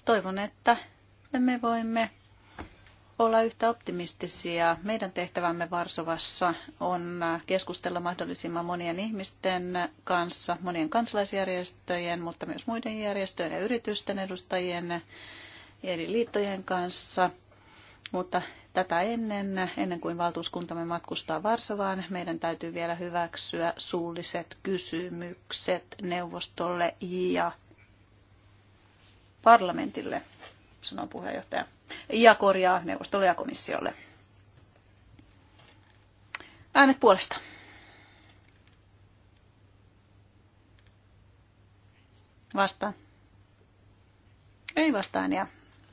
Toivon, että me voimme olla yhtä optimistisia. Meidän tehtävämme Varsovassa on keskustella mahdollisimman monien ihmisten kanssa, monien kansalaisjärjestöjen, mutta myös muiden järjestöjen ja yritysten edustajien eri liittojen kanssa. Mutta tätä ennen, ennen kuin valtuuskuntamme matkustaa Varsovaan, meidän täytyy vielä hyväksyä suulliset kysymykset neuvostolle ja parlamentille sanoo puheenjohtaja, ja korjaa neuvostolle ja komissiolle. Äänet puolesta. Vastaan. Ei vastaan ja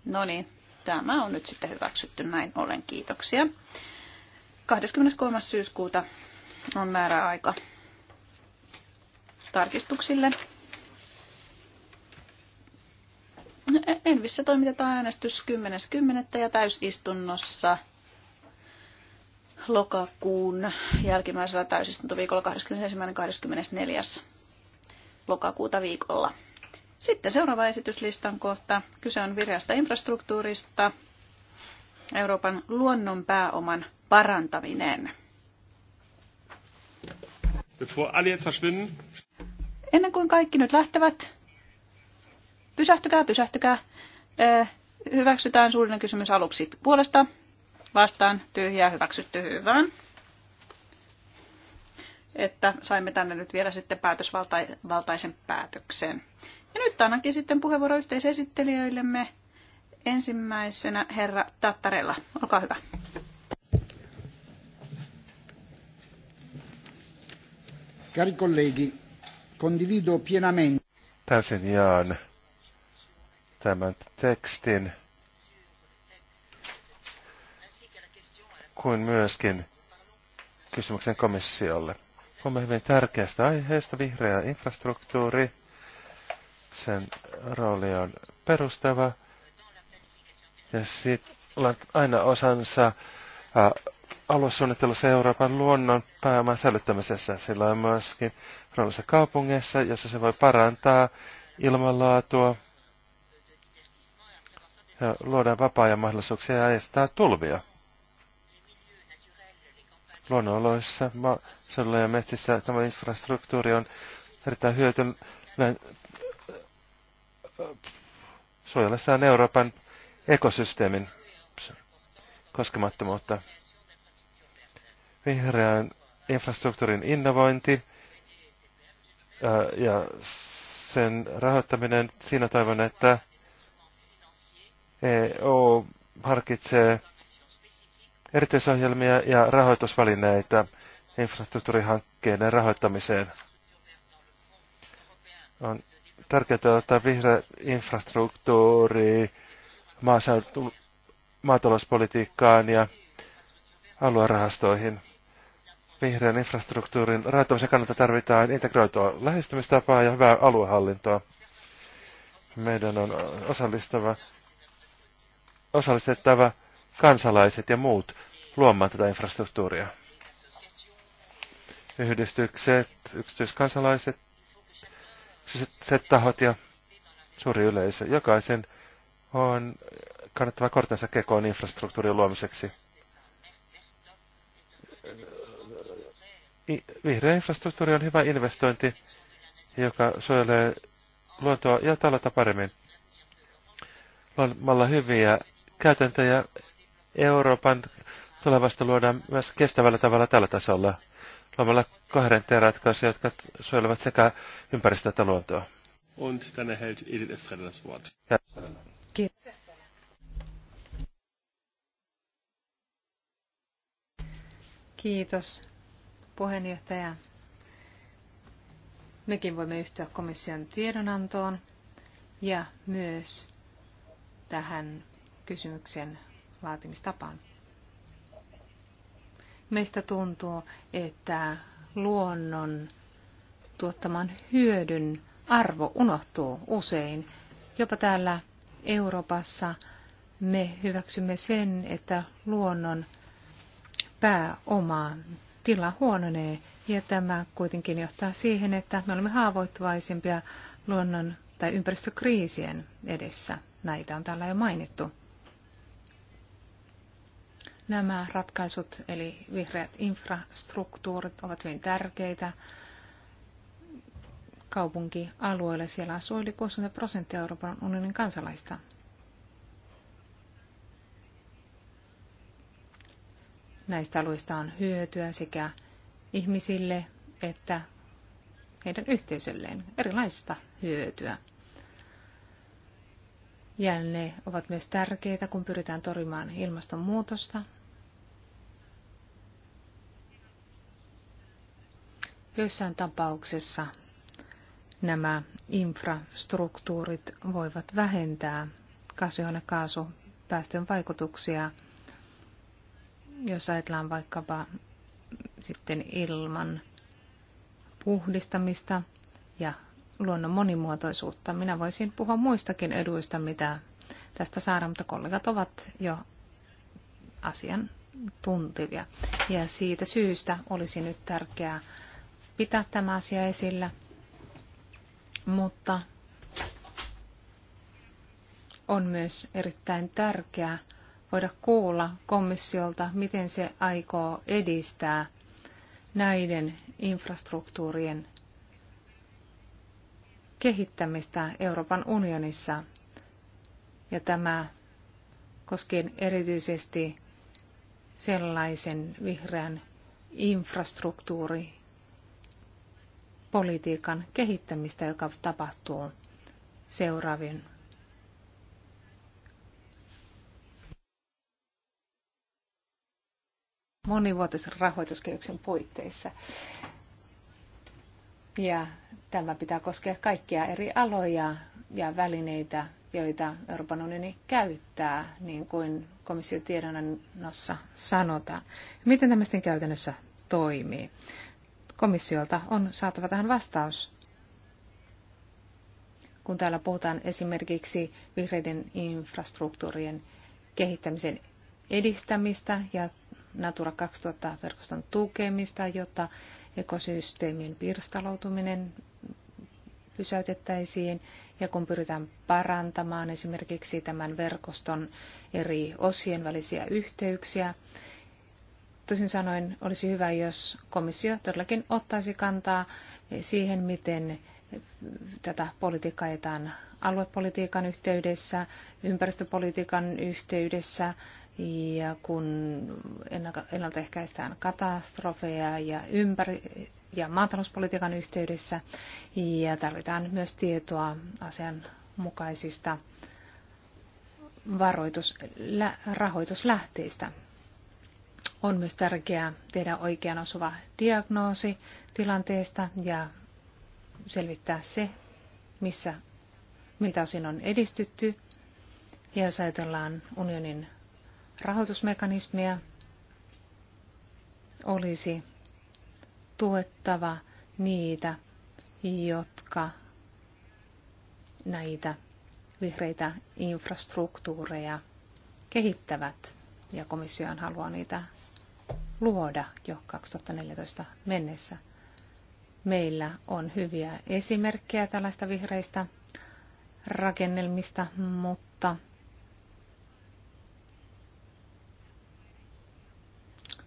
no niin, tämä on nyt sitten hyväksytty näin ollen. Kiitoksia. 23. syyskuuta on määräaika tarkistuksille. Envissä toimitetaan äänestys 10.10. ja täysistunnossa lokakuun jälkimmäisellä täysistuntoviikolla 21.24. lokakuuta viikolla. Sitten seuraava esityslistan kohta. Kyse on vireästä infrastruktuurista. Euroopan luonnon pääoman parantaminen. Ennen kuin kaikki nyt lähtevät, Pysähtykää, pysähtykää. Hyväksytään suullinen kysymys aluksi puolesta. Vastaan tyhjää hyväksytty hyvään. Että saimme tänne nyt vielä sitten päätösvaltaisen päätöksen. Ja nyt annankin sitten puheenvuoro yhteisesittelijöillemme. Ensimmäisenä herra Tattarella. Olkaa hyvä. Cari colleghi, condivido pienamente. Täysin jaan tämän tekstin kuin myöskin kysymyksen komissiolle. Puhumme hyvin tärkeästä aiheesta, vihreä infrastruktuuri. Sen rooli on perustava ja sitten aina osansa alussuunnittelussa Euroopan luonnon pääoman säilyttämisessä. Sillä on myöskin roolissa kaupungeissa, jossa se voi parantaa ilmanlaatua, ja luodaan vapaa-ajan mahdollisuuksia ja estää tulvia. Luonnonoloissa, seudulla ja metsissä tämä infrastruktuuri on erittäin hyötyllinen suojellessaan Euroopan ekosysteemin koskemattomuutta. Vihreän infrastruktuurin innovointi ja sen rahoittaminen. Siinä toivon, että EU harkitsee erityisohjelmia ja rahoitusvälineitä infrastruktuurihankkeiden rahoittamiseen. On tärkeää ottaa vihreä infrastruktuuri maatalouspolitiikkaan ja aluerahastoihin. Vihreän infrastruktuurin rahoittamisen kannalta tarvitaan integroitua lähestymistapaa ja hyvää aluehallintoa. Meidän on osallistava osallistettava kansalaiset ja muut luomaan tätä infrastruktuuria. Yhdistykset, yksityiskansalaiset, yksityiset tahot ja suuri yleisö. Jokaisen on kannattava kortensa kekoon infrastruktuurin luomiseksi. Vihreä infrastruktuuri on hyvä investointi, joka suojelee luontoa ja taloutta paremmin. Luomalla hyviä käytäntöjä Euroopan tulevasta luodaan myös kestävällä tavalla tällä tasolla, luomalla kahden ratkaisuja, jotka suojelevat sekä ympäristöä että luontoa. Und dann erhält Edith Estrella das Wort. Kiitos. Kiitos puheenjohtaja. Mekin voimme yhtyä komission tiedonantoon ja myös tähän kysymyksen laatimistapaan. Meistä tuntuu, että luonnon tuottaman hyödyn arvo unohtuu usein. Jopa täällä Euroopassa me hyväksymme sen, että luonnon pääomaan tila huononee ja tämä kuitenkin johtaa siihen, että me olemme haavoittuvaisempia luonnon tai ympäristökriisien edessä. Näitä on täällä jo mainittu. Nämä ratkaisut, eli vihreät infrastruktuurit, ovat hyvin tärkeitä kaupunkialueille. Siellä asuu yli 60 prosenttia Euroopan unionin kansalaista. Näistä alueista on hyötyä sekä ihmisille että heidän yhteisölleen erilaista hyötyä. Ja ne ovat myös tärkeitä, kun pyritään torjumaan ilmastonmuutosta. Joissain tapauksessa nämä infrastruktuurit voivat vähentää kasvihuonekaasupäästön vaikutuksia, jos ajatellaan vaikkapa sitten ilman puhdistamista ja luonnon monimuotoisuutta. Minä voisin puhua muistakin eduista, mitä tästä saadaan, mutta kollegat ovat jo asian tuntivia. Ja siitä syystä olisi nyt tärkeää pitää tämä asia esillä, mutta on myös erittäin tärkeää voida kuulla komissiolta, miten se aikoo edistää näiden infrastruktuurien kehittämistä Euroopan unionissa. Ja tämä koskien erityisesti sellaisen vihreän infrastruktuuripolitiikan kehittämistä, joka tapahtuu seuraavien monivuotisen rahoituskehyksen puitteissa. Ja tämä pitää koskea kaikkia eri aloja ja välineitä, joita Euroopan unioni käyttää, niin kuin komission tiedonannossa sanotaan. Miten tämä sitten käytännössä toimii? Komissiolta on saatava tähän vastaus. Kun täällä puhutaan esimerkiksi vihreiden infrastruktuurien kehittämisen edistämistä ja Natura 2000-verkoston tukemista, jotta ekosysteemin pirstaloutuminen pysäytettäisiin ja kun pyritään parantamaan esimerkiksi tämän verkoston eri osien välisiä yhteyksiä. Tosin sanoen, olisi hyvä, jos komissio todellakin ottaisi kantaa siihen, miten tätä politiikkaa ajetaan aluepolitiikan yhteydessä, ympäristöpolitiikan yhteydessä ja kun ennaltaehkäistään katastrofeja ja ympäri ja maatalouspolitiikan yhteydessä ja tarvitaan myös tietoa asianmukaisista rahoituslähteistä. On myös tärkeää tehdä oikean osuva diagnoosi tilanteesta ja selvittää se, missä, miltä osin on edistytty. Ja jos ajatellaan unionin rahoitusmekanismia olisi tuettava niitä, jotka näitä vihreitä infrastruktuureja kehittävät ja komissio haluaa niitä luoda jo 2014 mennessä. Meillä on hyviä esimerkkejä tällaista vihreistä rakennelmista, mutta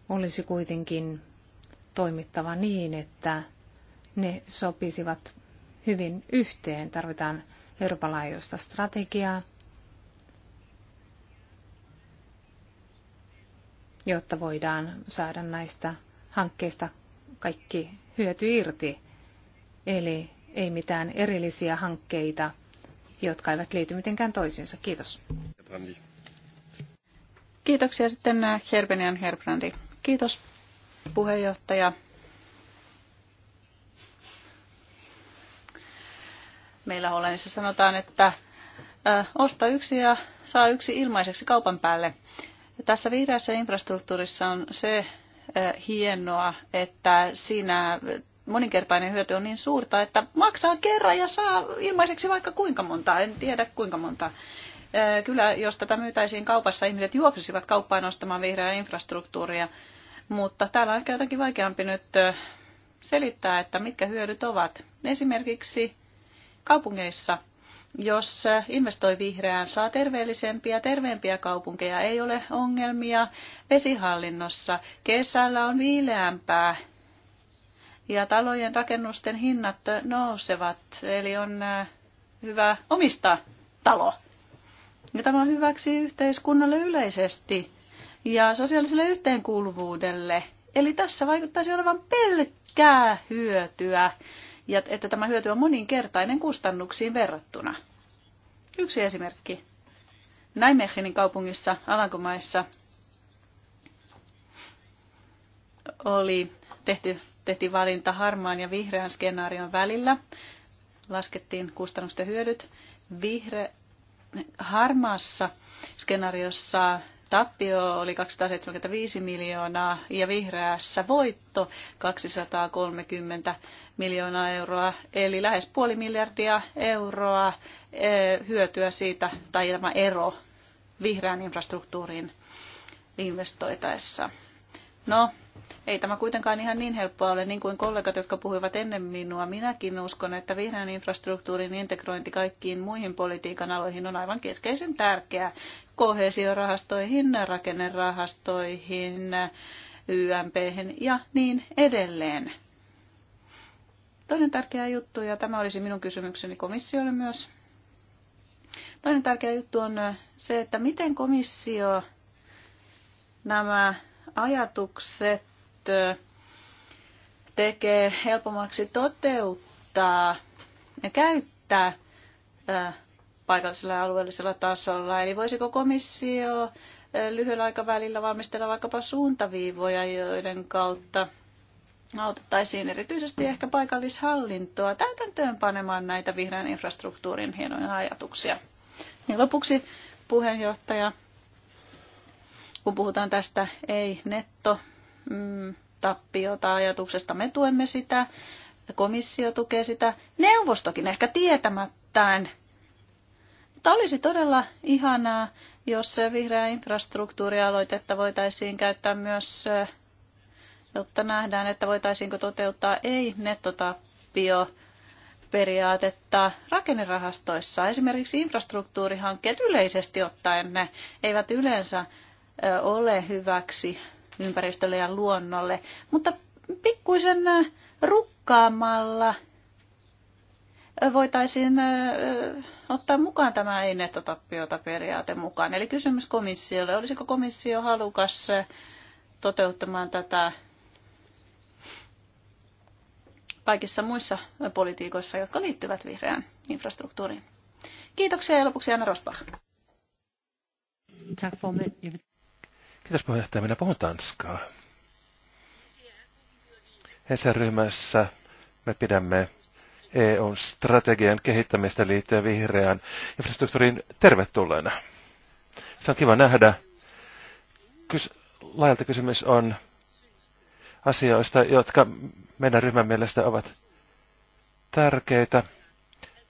olisi kuitenkin toimittava niin, että ne sopisivat hyvin yhteen. Tarvitaan Euroopan laajuista strategiaa, jotta voidaan saada näistä hankkeista kaikki hyöty irti. Eli ei mitään erillisiä hankkeita, jotka eivät liity mitenkään toisiinsa. Kiitos. Kiitoksia sitten äh, Herbenian Herbrandi. Kiitos puheenjohtaja. Meillä Hollannissa sanotaan, että osta yksi ja saa yksi ilmaiseksi kaupan päälle. Tässä vihreässä infrastruktuurissa on se hienoa, että siinä moninkertainen hyöty on niin suurta, että maksaa kerran ja saa ilmaiseksi vaikka kuinka monta, en tiedä kuinka monta. Kyllä, jos tätä myytäisiin kaupassa, ihmiset juoksisivat kauppaan ostamaan vihreää infrastruktuuria. Mutta täällä on ehkä jotenkin vaikeampi nyt selittää, että mitkä hyödyt ovat. Esimerkiksi kaupungeissa, jos investoi vihreään, saa terveellisempiä, terveempiä kaupunkeja, ei ole ongelmia vesihallinnossa, kesällä on viileämpää ja talojen rakennusten hinnat nousevat, eli on hyvä omistaa talo. Ja tämä on hyväksi yhteiskunnalle yleisesti ja sosiaaliselle yhteenkuuluvuudelle. Eli tässä vaikuttaisi olevan pelkkää hyötyä, ja että tämä hyöty on moninkertainen kustannuksiin verrattuna. Yksi esimerkki. Nijmegenin kaupungissa Alankomaissa oli tehty, tehty valinta harmaan ja vihreän skenaarion välillä. Laskettiin kustannusten hyödyt. Vihre, harmaassa skenaariossa tappio oli 275 miljoonaa ja vihreässä voitto 230 miljoonaa euroa, eli lähes puoli miljardia euroa eh, hyötyä siitä, tai tämä ero vihreän infrastruktuurin investoitaessa. No, ei tämä kuitenkaan ihan niin helppoa ole, niin kuin kollegat, jotka puhuivat ennen minua. Minäkin uskon, että vihreän infrastruktuurin integrointi kaikkiin muihin politiikan aloihin on aivan keskeisen tärkeää. Kohesiorahastoihin, rakennerahastoihin, YMP ja niin edelleen. Toinen tärkeä juttu, ja tämä olisi minun kysymykseni komissiolle myös. Toinen tärkeä juttu on se, että miten komissio nämä ajatukset tekee helpommaksi toteuttaa ja käyttää paikallisella ja alueellisella tasolla. Eli voisiko komissio lyhyellä aikavälillä valmistella vaikkapa suuntaviivoja, joiden kautta autettaisiin erityisesti ehkä paikallishallintoa täytäntöön panemaan näitä vihreän infrastruktuurin hienoja ajatuksia. Ja lopuksi puheenjohtaja kun puhutaan tästä ei netto mm, tappiota ajatuksesta, me tuemme sitä, komissio tukee sitä, neuvostokin ehkä tietämättään. Mutta olisi todella ihanaa, jos vihreä infrastruktuurialoitetta voitaisiin käyttää myös, jotta nähdään, että voitaisiinko toteuttaa ei nettotappio periaatetta rakennerahastoissa. Esimerkiksi infrastruktuurihankkeet yleisesti ottaen ne eivät yleensä ole hyväksi ympäristölle ja luonnolle, mutta pikkuisen rukkaamalla voitaisiin ottaa mukaan tämä ei nettotappiota periaate mukaan. Eli kysymys komissiolle, olisiko komissio halukas toteuttamaan tätä kaikissa muissa politiikoissa, jotka liittyvät vihreään infrastruktuuriin. Kiitoksia ja lopuksi Anna Rosbach. Tack för mig. Kiitos puheenjohtaja, minä puhun Tanskaa. ESR-ryhmässä me pidämme EUn strategian kehittämistä liittyen vihreään infrastruktuuriin tervetulleena. Se on kiva nähdä. Kys- laajalta kysymys on asioista, jotka meidän ryhmän mielestä ovat tärkeitä.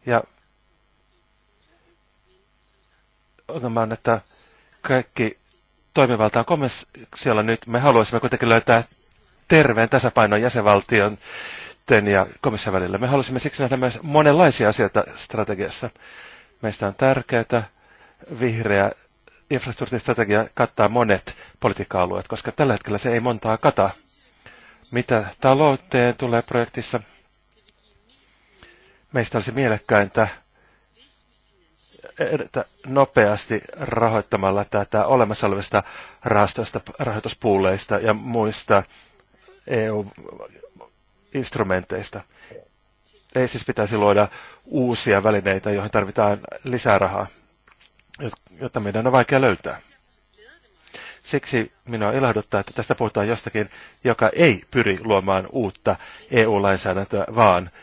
Ja otamaan, että kaikki toimivaltaan komissiolla nyt. Me haluaisimme kuitenkin löytää terveen tasapainon jäsenvaltion ja komission välillä. Me haluaisimme siksi nähdä myös monenlaisia asioita strategiassa. Meistä on tärkeää vihreä infrastruktuuristrategia kattaa monet politiikka-alueet, koska tällä hetkellä se ei montaa kata. Mitä talouteen tulee projektissa, meistä olisi mielekkäintä edetä nopeasti rahoittamalla tätä olemassa olevista rahastoista, rahoituspuuleista ja muista EU-instrumenteista. Ei siis pitäisi luoda uusia välineitä, joihin tarvitaan lisää rahaa, jotta meidän on vaikea löytää. Siksi minua ilahduttaa, että tästä puhutaan jostakin, joka ei pyri luomaan uutta EU-lainsäädäntöä, vaan –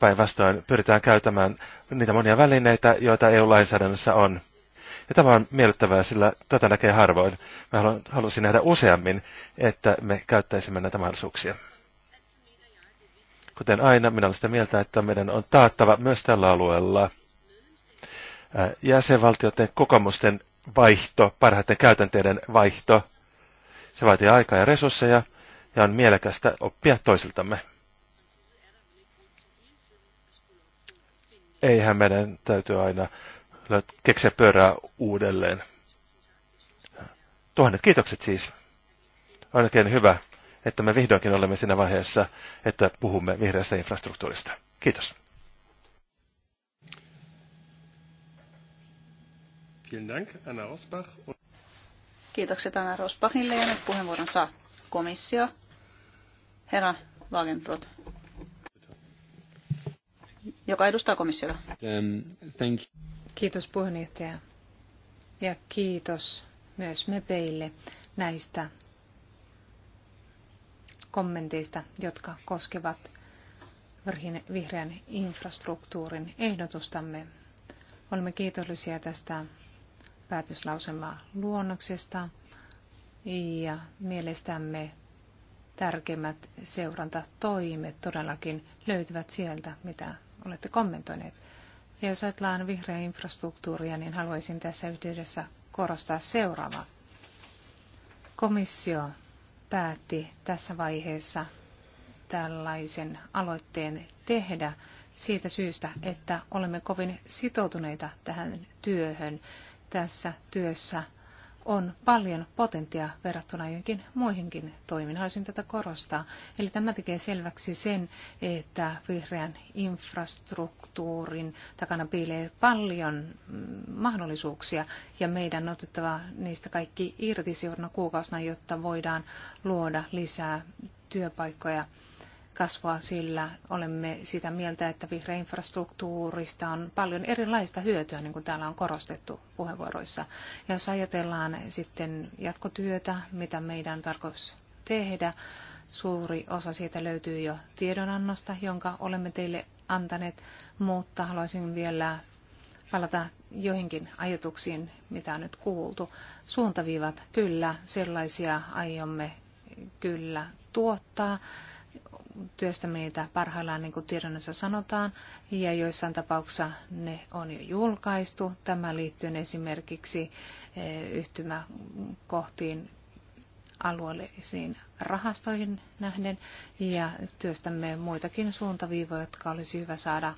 Päinvastoin pyritään käyttämään niitä monia välineitä, joita EU-lainsäädännössä on. Ja tämä on miellyttävää, sillä tätä näkee harvoin. Mä haluan, haluaisin nähdä useammin, että me käyttäisimme näitä mahdollisuuksia. Kuten aina, minä olen sitä mieltä, että meidän on taattava myös tällä alueella jäsenvaltioiden kokemusten vaihto, parhaiten käytänteiden vaihto. Se vaatii aikaa ja resursseja ja on mielekästä oppia toisiltamme. eihän meidän täytyy aina keksiä pyörää uudelleen. Tuhannet kiitokset siis. Ainakin hyvä, että me vihdoinkin olemme siinä vaiheessa, että puhumme vihreästä infrastruktuurista. Kiitos. Kiitokset Anna Rosbachille ja nyt puheenvuoron saa komissio. Herra Wagenbrot joka edustaa komissiota. Um, kiitos puheenjohtaja ja kiitos myös mepeille näistä kommenteista, jotka koskevat vihreän infrastruktuurin ehdotustamme. Olemme kiitollisia tästä päätöslauselmaa luonnoksesta ja mielestämme tärkeimmät seurantatoimet todellakin löytyvät sieltä, mitä olette kommentoineet. Ja jos ajatellaan vihreää infrastruktuuria, niin haluaisin tässä yhteydessä korostaa seuraavaa. Komissio päätti tässä vaiheessa tällaisen aloitteen tehdä siitä syystä, että olemme kovin sitoutuneita tähän työhön. Tässä työssä on paljon potentiaa verrattuna johonkin muihinkin toimiin. Haluaisin tätä korostaa. Eli tämä tekee selväksi sen, että vihreän infrastruktuurin takana piilee paljon mm, mahdollisuuksia ja meidän on otettava niistä kaikki irti seuraavana kuukausina, jotta voidaan luoda lisää työpaikkoja kasvua, sillä olemme sitä mieltä, että vihreä infrastruktuurista on paljon erilaista hyötyä, niin kuin täällä on korostettu puheenvuoroissa. Ja jos ajatellaan sitten jatkotyötä, mitä meidän tarkoitus tehdä, suuri osa siitä löytyy jo tiedonannosta, jonka olemme teille antaneet, mutta haluaisin vielä palata joihinkin ajatuksiin, mitä on nyt kuultu. Suuntaviivat, kyllä, sellaisia aiomme kyllä tuottaa työstämme niitä parhaillaan, niin kuin tiedonnossa sanotaan, ja joissain tapauksissa ne on jo julkaistu. Tämä liittyy esimerkiksi eh, yhtymäkohtiin alueellisiin rahastoihin nähden, ja työstämme muitakin suuntaviivoja, jotka olisi hyvä saada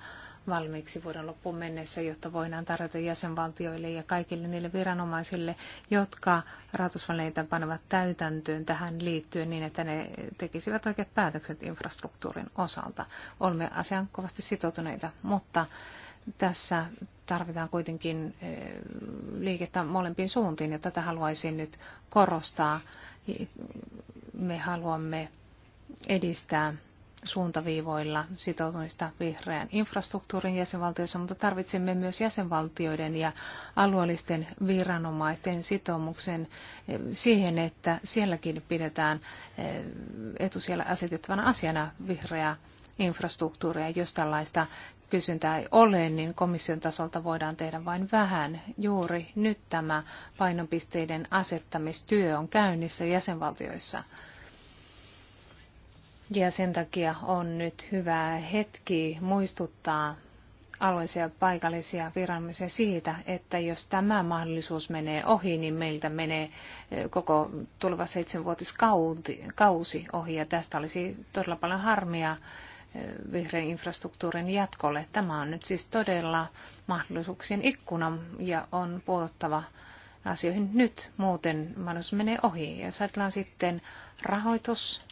valmiiksi vuoden loppuun mennessä, jotta voidaan tarjota jäsenvaltioille ja kaikille niille viranomaisille, jotka rahoitusvälineitä panevat täytäntöön tähän liittyen niin, että ne tekisivät oikeat päätökset infrastruktuurin osalta. Olemme asiaan kovasti sitoutuneita, mutta tässä tarvitaan kuitenkin eh, liikettä molempiin suuntiin ja tätä haluaisin nyt korostaa. Me haluamme edistää suuntaviivoilla sitoutumista vihreään infrastruktuurin jäsenvaltioissa, mutta tarvitsemme myös jäsenvaltioiden ja alueellisten viranomaisten sitoumuksen eh, siihen, että sielläkin pidetään eh, etusijalla asetettavana asiana vihreää infrastruktuuria. Jos tällaista kysyntää ei ole, niin komission tasolta voidaan tehdä vain vähän. Juuri nyt tämä painopisteiden asettamistyö on käynnissä jäsenvaltioissa. Ja sen takia on nyt hyvä hetki muistuttaa alueisia paikallisia viranomaisia siitä, että jos tämä mahdollisuus menee ohi, niin meiltä menee eh, koko tuleva seitsemänvuotiskausi ohi. Ja tästä olisi todella paljon harmia eh, vihreän infrastruktuurin jatkolle. Tämä on nyt siis todella mahdollisuuksien ikkuna ja on puututtava asioihin nyt, muuten mahdollisuus menee ohi. Ja jos ajatellaan sitten rahoitus,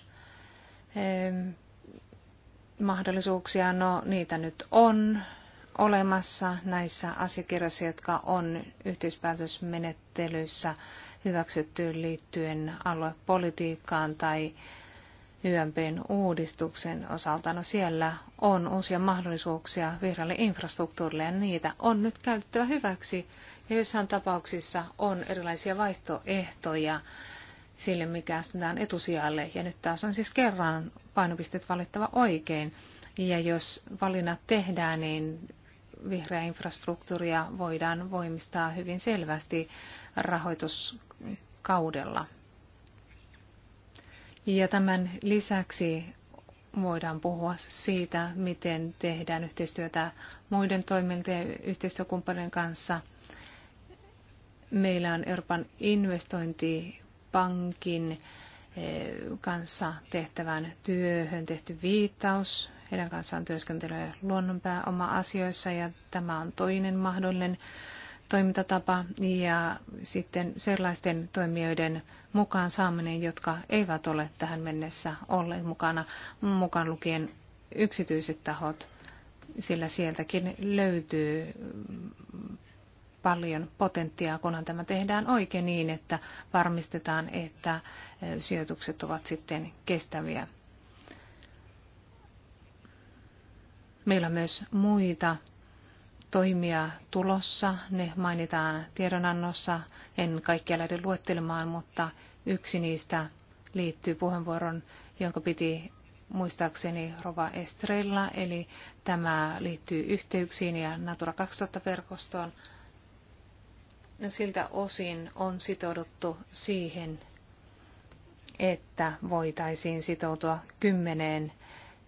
mahdollisuuksia, no niitä nyt on olemassa näissä asiakirjoissa, jotka on yhteispäätösmenettelyissä hyväksyttyyn liittyen aluepolitiikkaan tai YMPn uudistuksen osalta. No siellä on uusia mahdollisuuksia vihreälle infrastruktuurille ja niitä on nyt käytettävä hyväksi. Ja joissain tapauksissa on erilaisia vaihtoehtoja sille, mikä asetetaan etusijalle. Ja nyt taas on siis kerran painopisteet valittava oikein. Ja jos valinnat tehdään, niin vihreä infrastruktuuria voidaan voimistaa hyvin selvästi rahoituskaudella. Ja tämän lisäksi voidaan puhua siitä, miten tehdään yhteistyötä muiden toimintojen ja yhteistyökumppanien kanssa. Meillä on Euroopan investointi pankin eh, kanssa tehtävään työhön tehty viittaus. Heidän kanssaan työskentelee luonnonpääoma-asioissa ja tämä on toinen mahdollinen toimintatapa ja sitten sellaisten toimijoiden mukaan saaminen, jotka eivät ole tähän mennessä olleet mukana, mukaan lukien yksityiset tahot, sillä sieltäkin löytyy paljon potentiaa, kunhan tämä tehdään oikein niin, että varmistetaan, että sijoitukset ovat sitten kestäviä. Meillä on myös muita toimia tulossa. Ne mainitaan tiedonannossa. En kaikkia lähde luettelemaan, mutta yksi niistä liittyy puheenvuoron, jonka piti muistaakseni Rova Estrella, eli tämä liittyy yhteyksiin ja Natura 2000-verkostoon. No, siltä osin on sitouduttu siihen, että voitaisiin sitoutua kymmeneen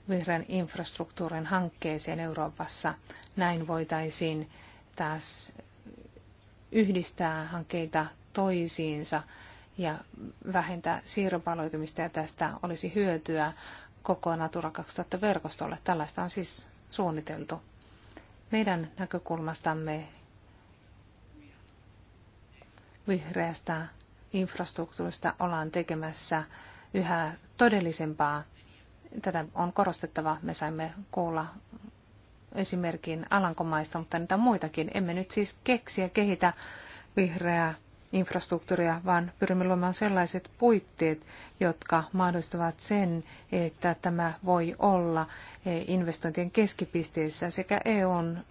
vihreän infrastruktuurin hankkeeseen Euroopassa. Näin voitaisiin taas yhdistää hankkeita toisiinsa ja vähentää siirropaloitumista ja tästä olisi hyötyä koko Natura 2000 verkostolle. Tällaista on siis suunniteltu. Meidän näkökulmastamme vihreästä infrastruktuurista ollaan tekemässä yhä todellisempaa. Tätä on korostettava. Me saimme kuulla esimerkin Alankomaista, mutta niitä muitakin. Emme nyt siis keksiä kehitä vihreää infrastruktuuria, vaan pyrimme luomaan sellaiset puitteet, jotka mahdollistavat sen, että tämä voi olla eh, investointien keskipisteessä sekä EUn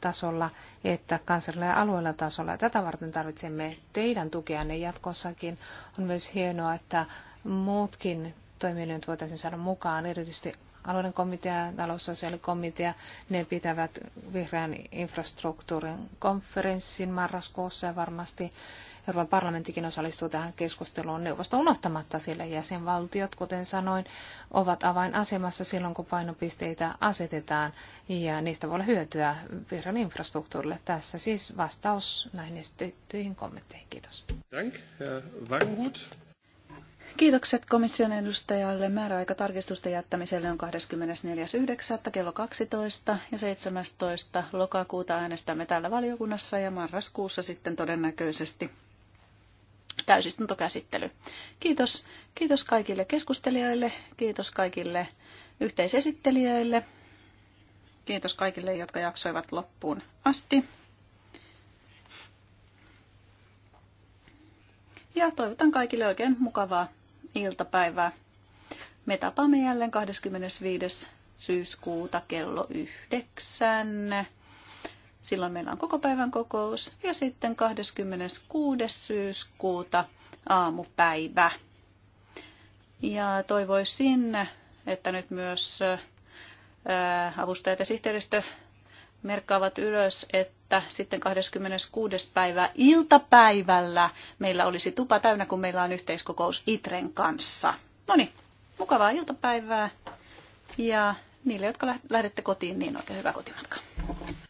tasolla että kansallisella ja alueella tasolla. Tätä varten tarvitsemme teidän tukeanne jatkossakin. On myös hienoa, että muutkin toimijat voitaisiin saada mukaan, erityisesti alueiden komitea, taloussosiaalikomitea, ne pitävät vihreän infrastruktuurin konferenssin marraskuussa ja varmasti Euroopan parlamenttikin osallistuu tähän keskusteluun neuvosto unohtamatta, sillä jäsenvaltiot, kuten sanoin, ovat avainasemassa silloin, kun painopisteitä asetetaan ja niistä voi olla hyötyä vihreän infrastruktuurille. Tässä siis vastaus näihin esitettyihin kommentteihin. Kiitos. Dank, Kiitokset komission edustajalle. Määräaika tarkistusten jättämiselle on 24.9. kello 12 ja 17. lokakuuta äänestämme täällä valiokunnassa ja marraskuussa sitten todennäköisesti täysistuntokäsittely. Kiitos. Kiitos kaikille keskustelijoille, kiitos kaikille yhteisesittelijöille, kiitos kaikille, jotka jaksoivat loppuun asti. Ja toivotan kaikille oikein mukavaa iltapäivää. Me tapaamme jälleen 25. syyskuuta kello yhdeksän. Silloin meillä on koko päivän kokous ja sitten 26. syyskuuta aamupäivä. Ja toivoisin, että nyt myös äh, avustajat ja sihteeristö merkkaavat ylös, että sitten 26. päivä iltapäivällä meillä olisi tupa täynnä, kun meillä on yhteiskokous Itren kanssa. No niin, mukavaa iltapäivää ja niille, jotka lähdette kotiin, niin oikein hyvää kotimatkaa.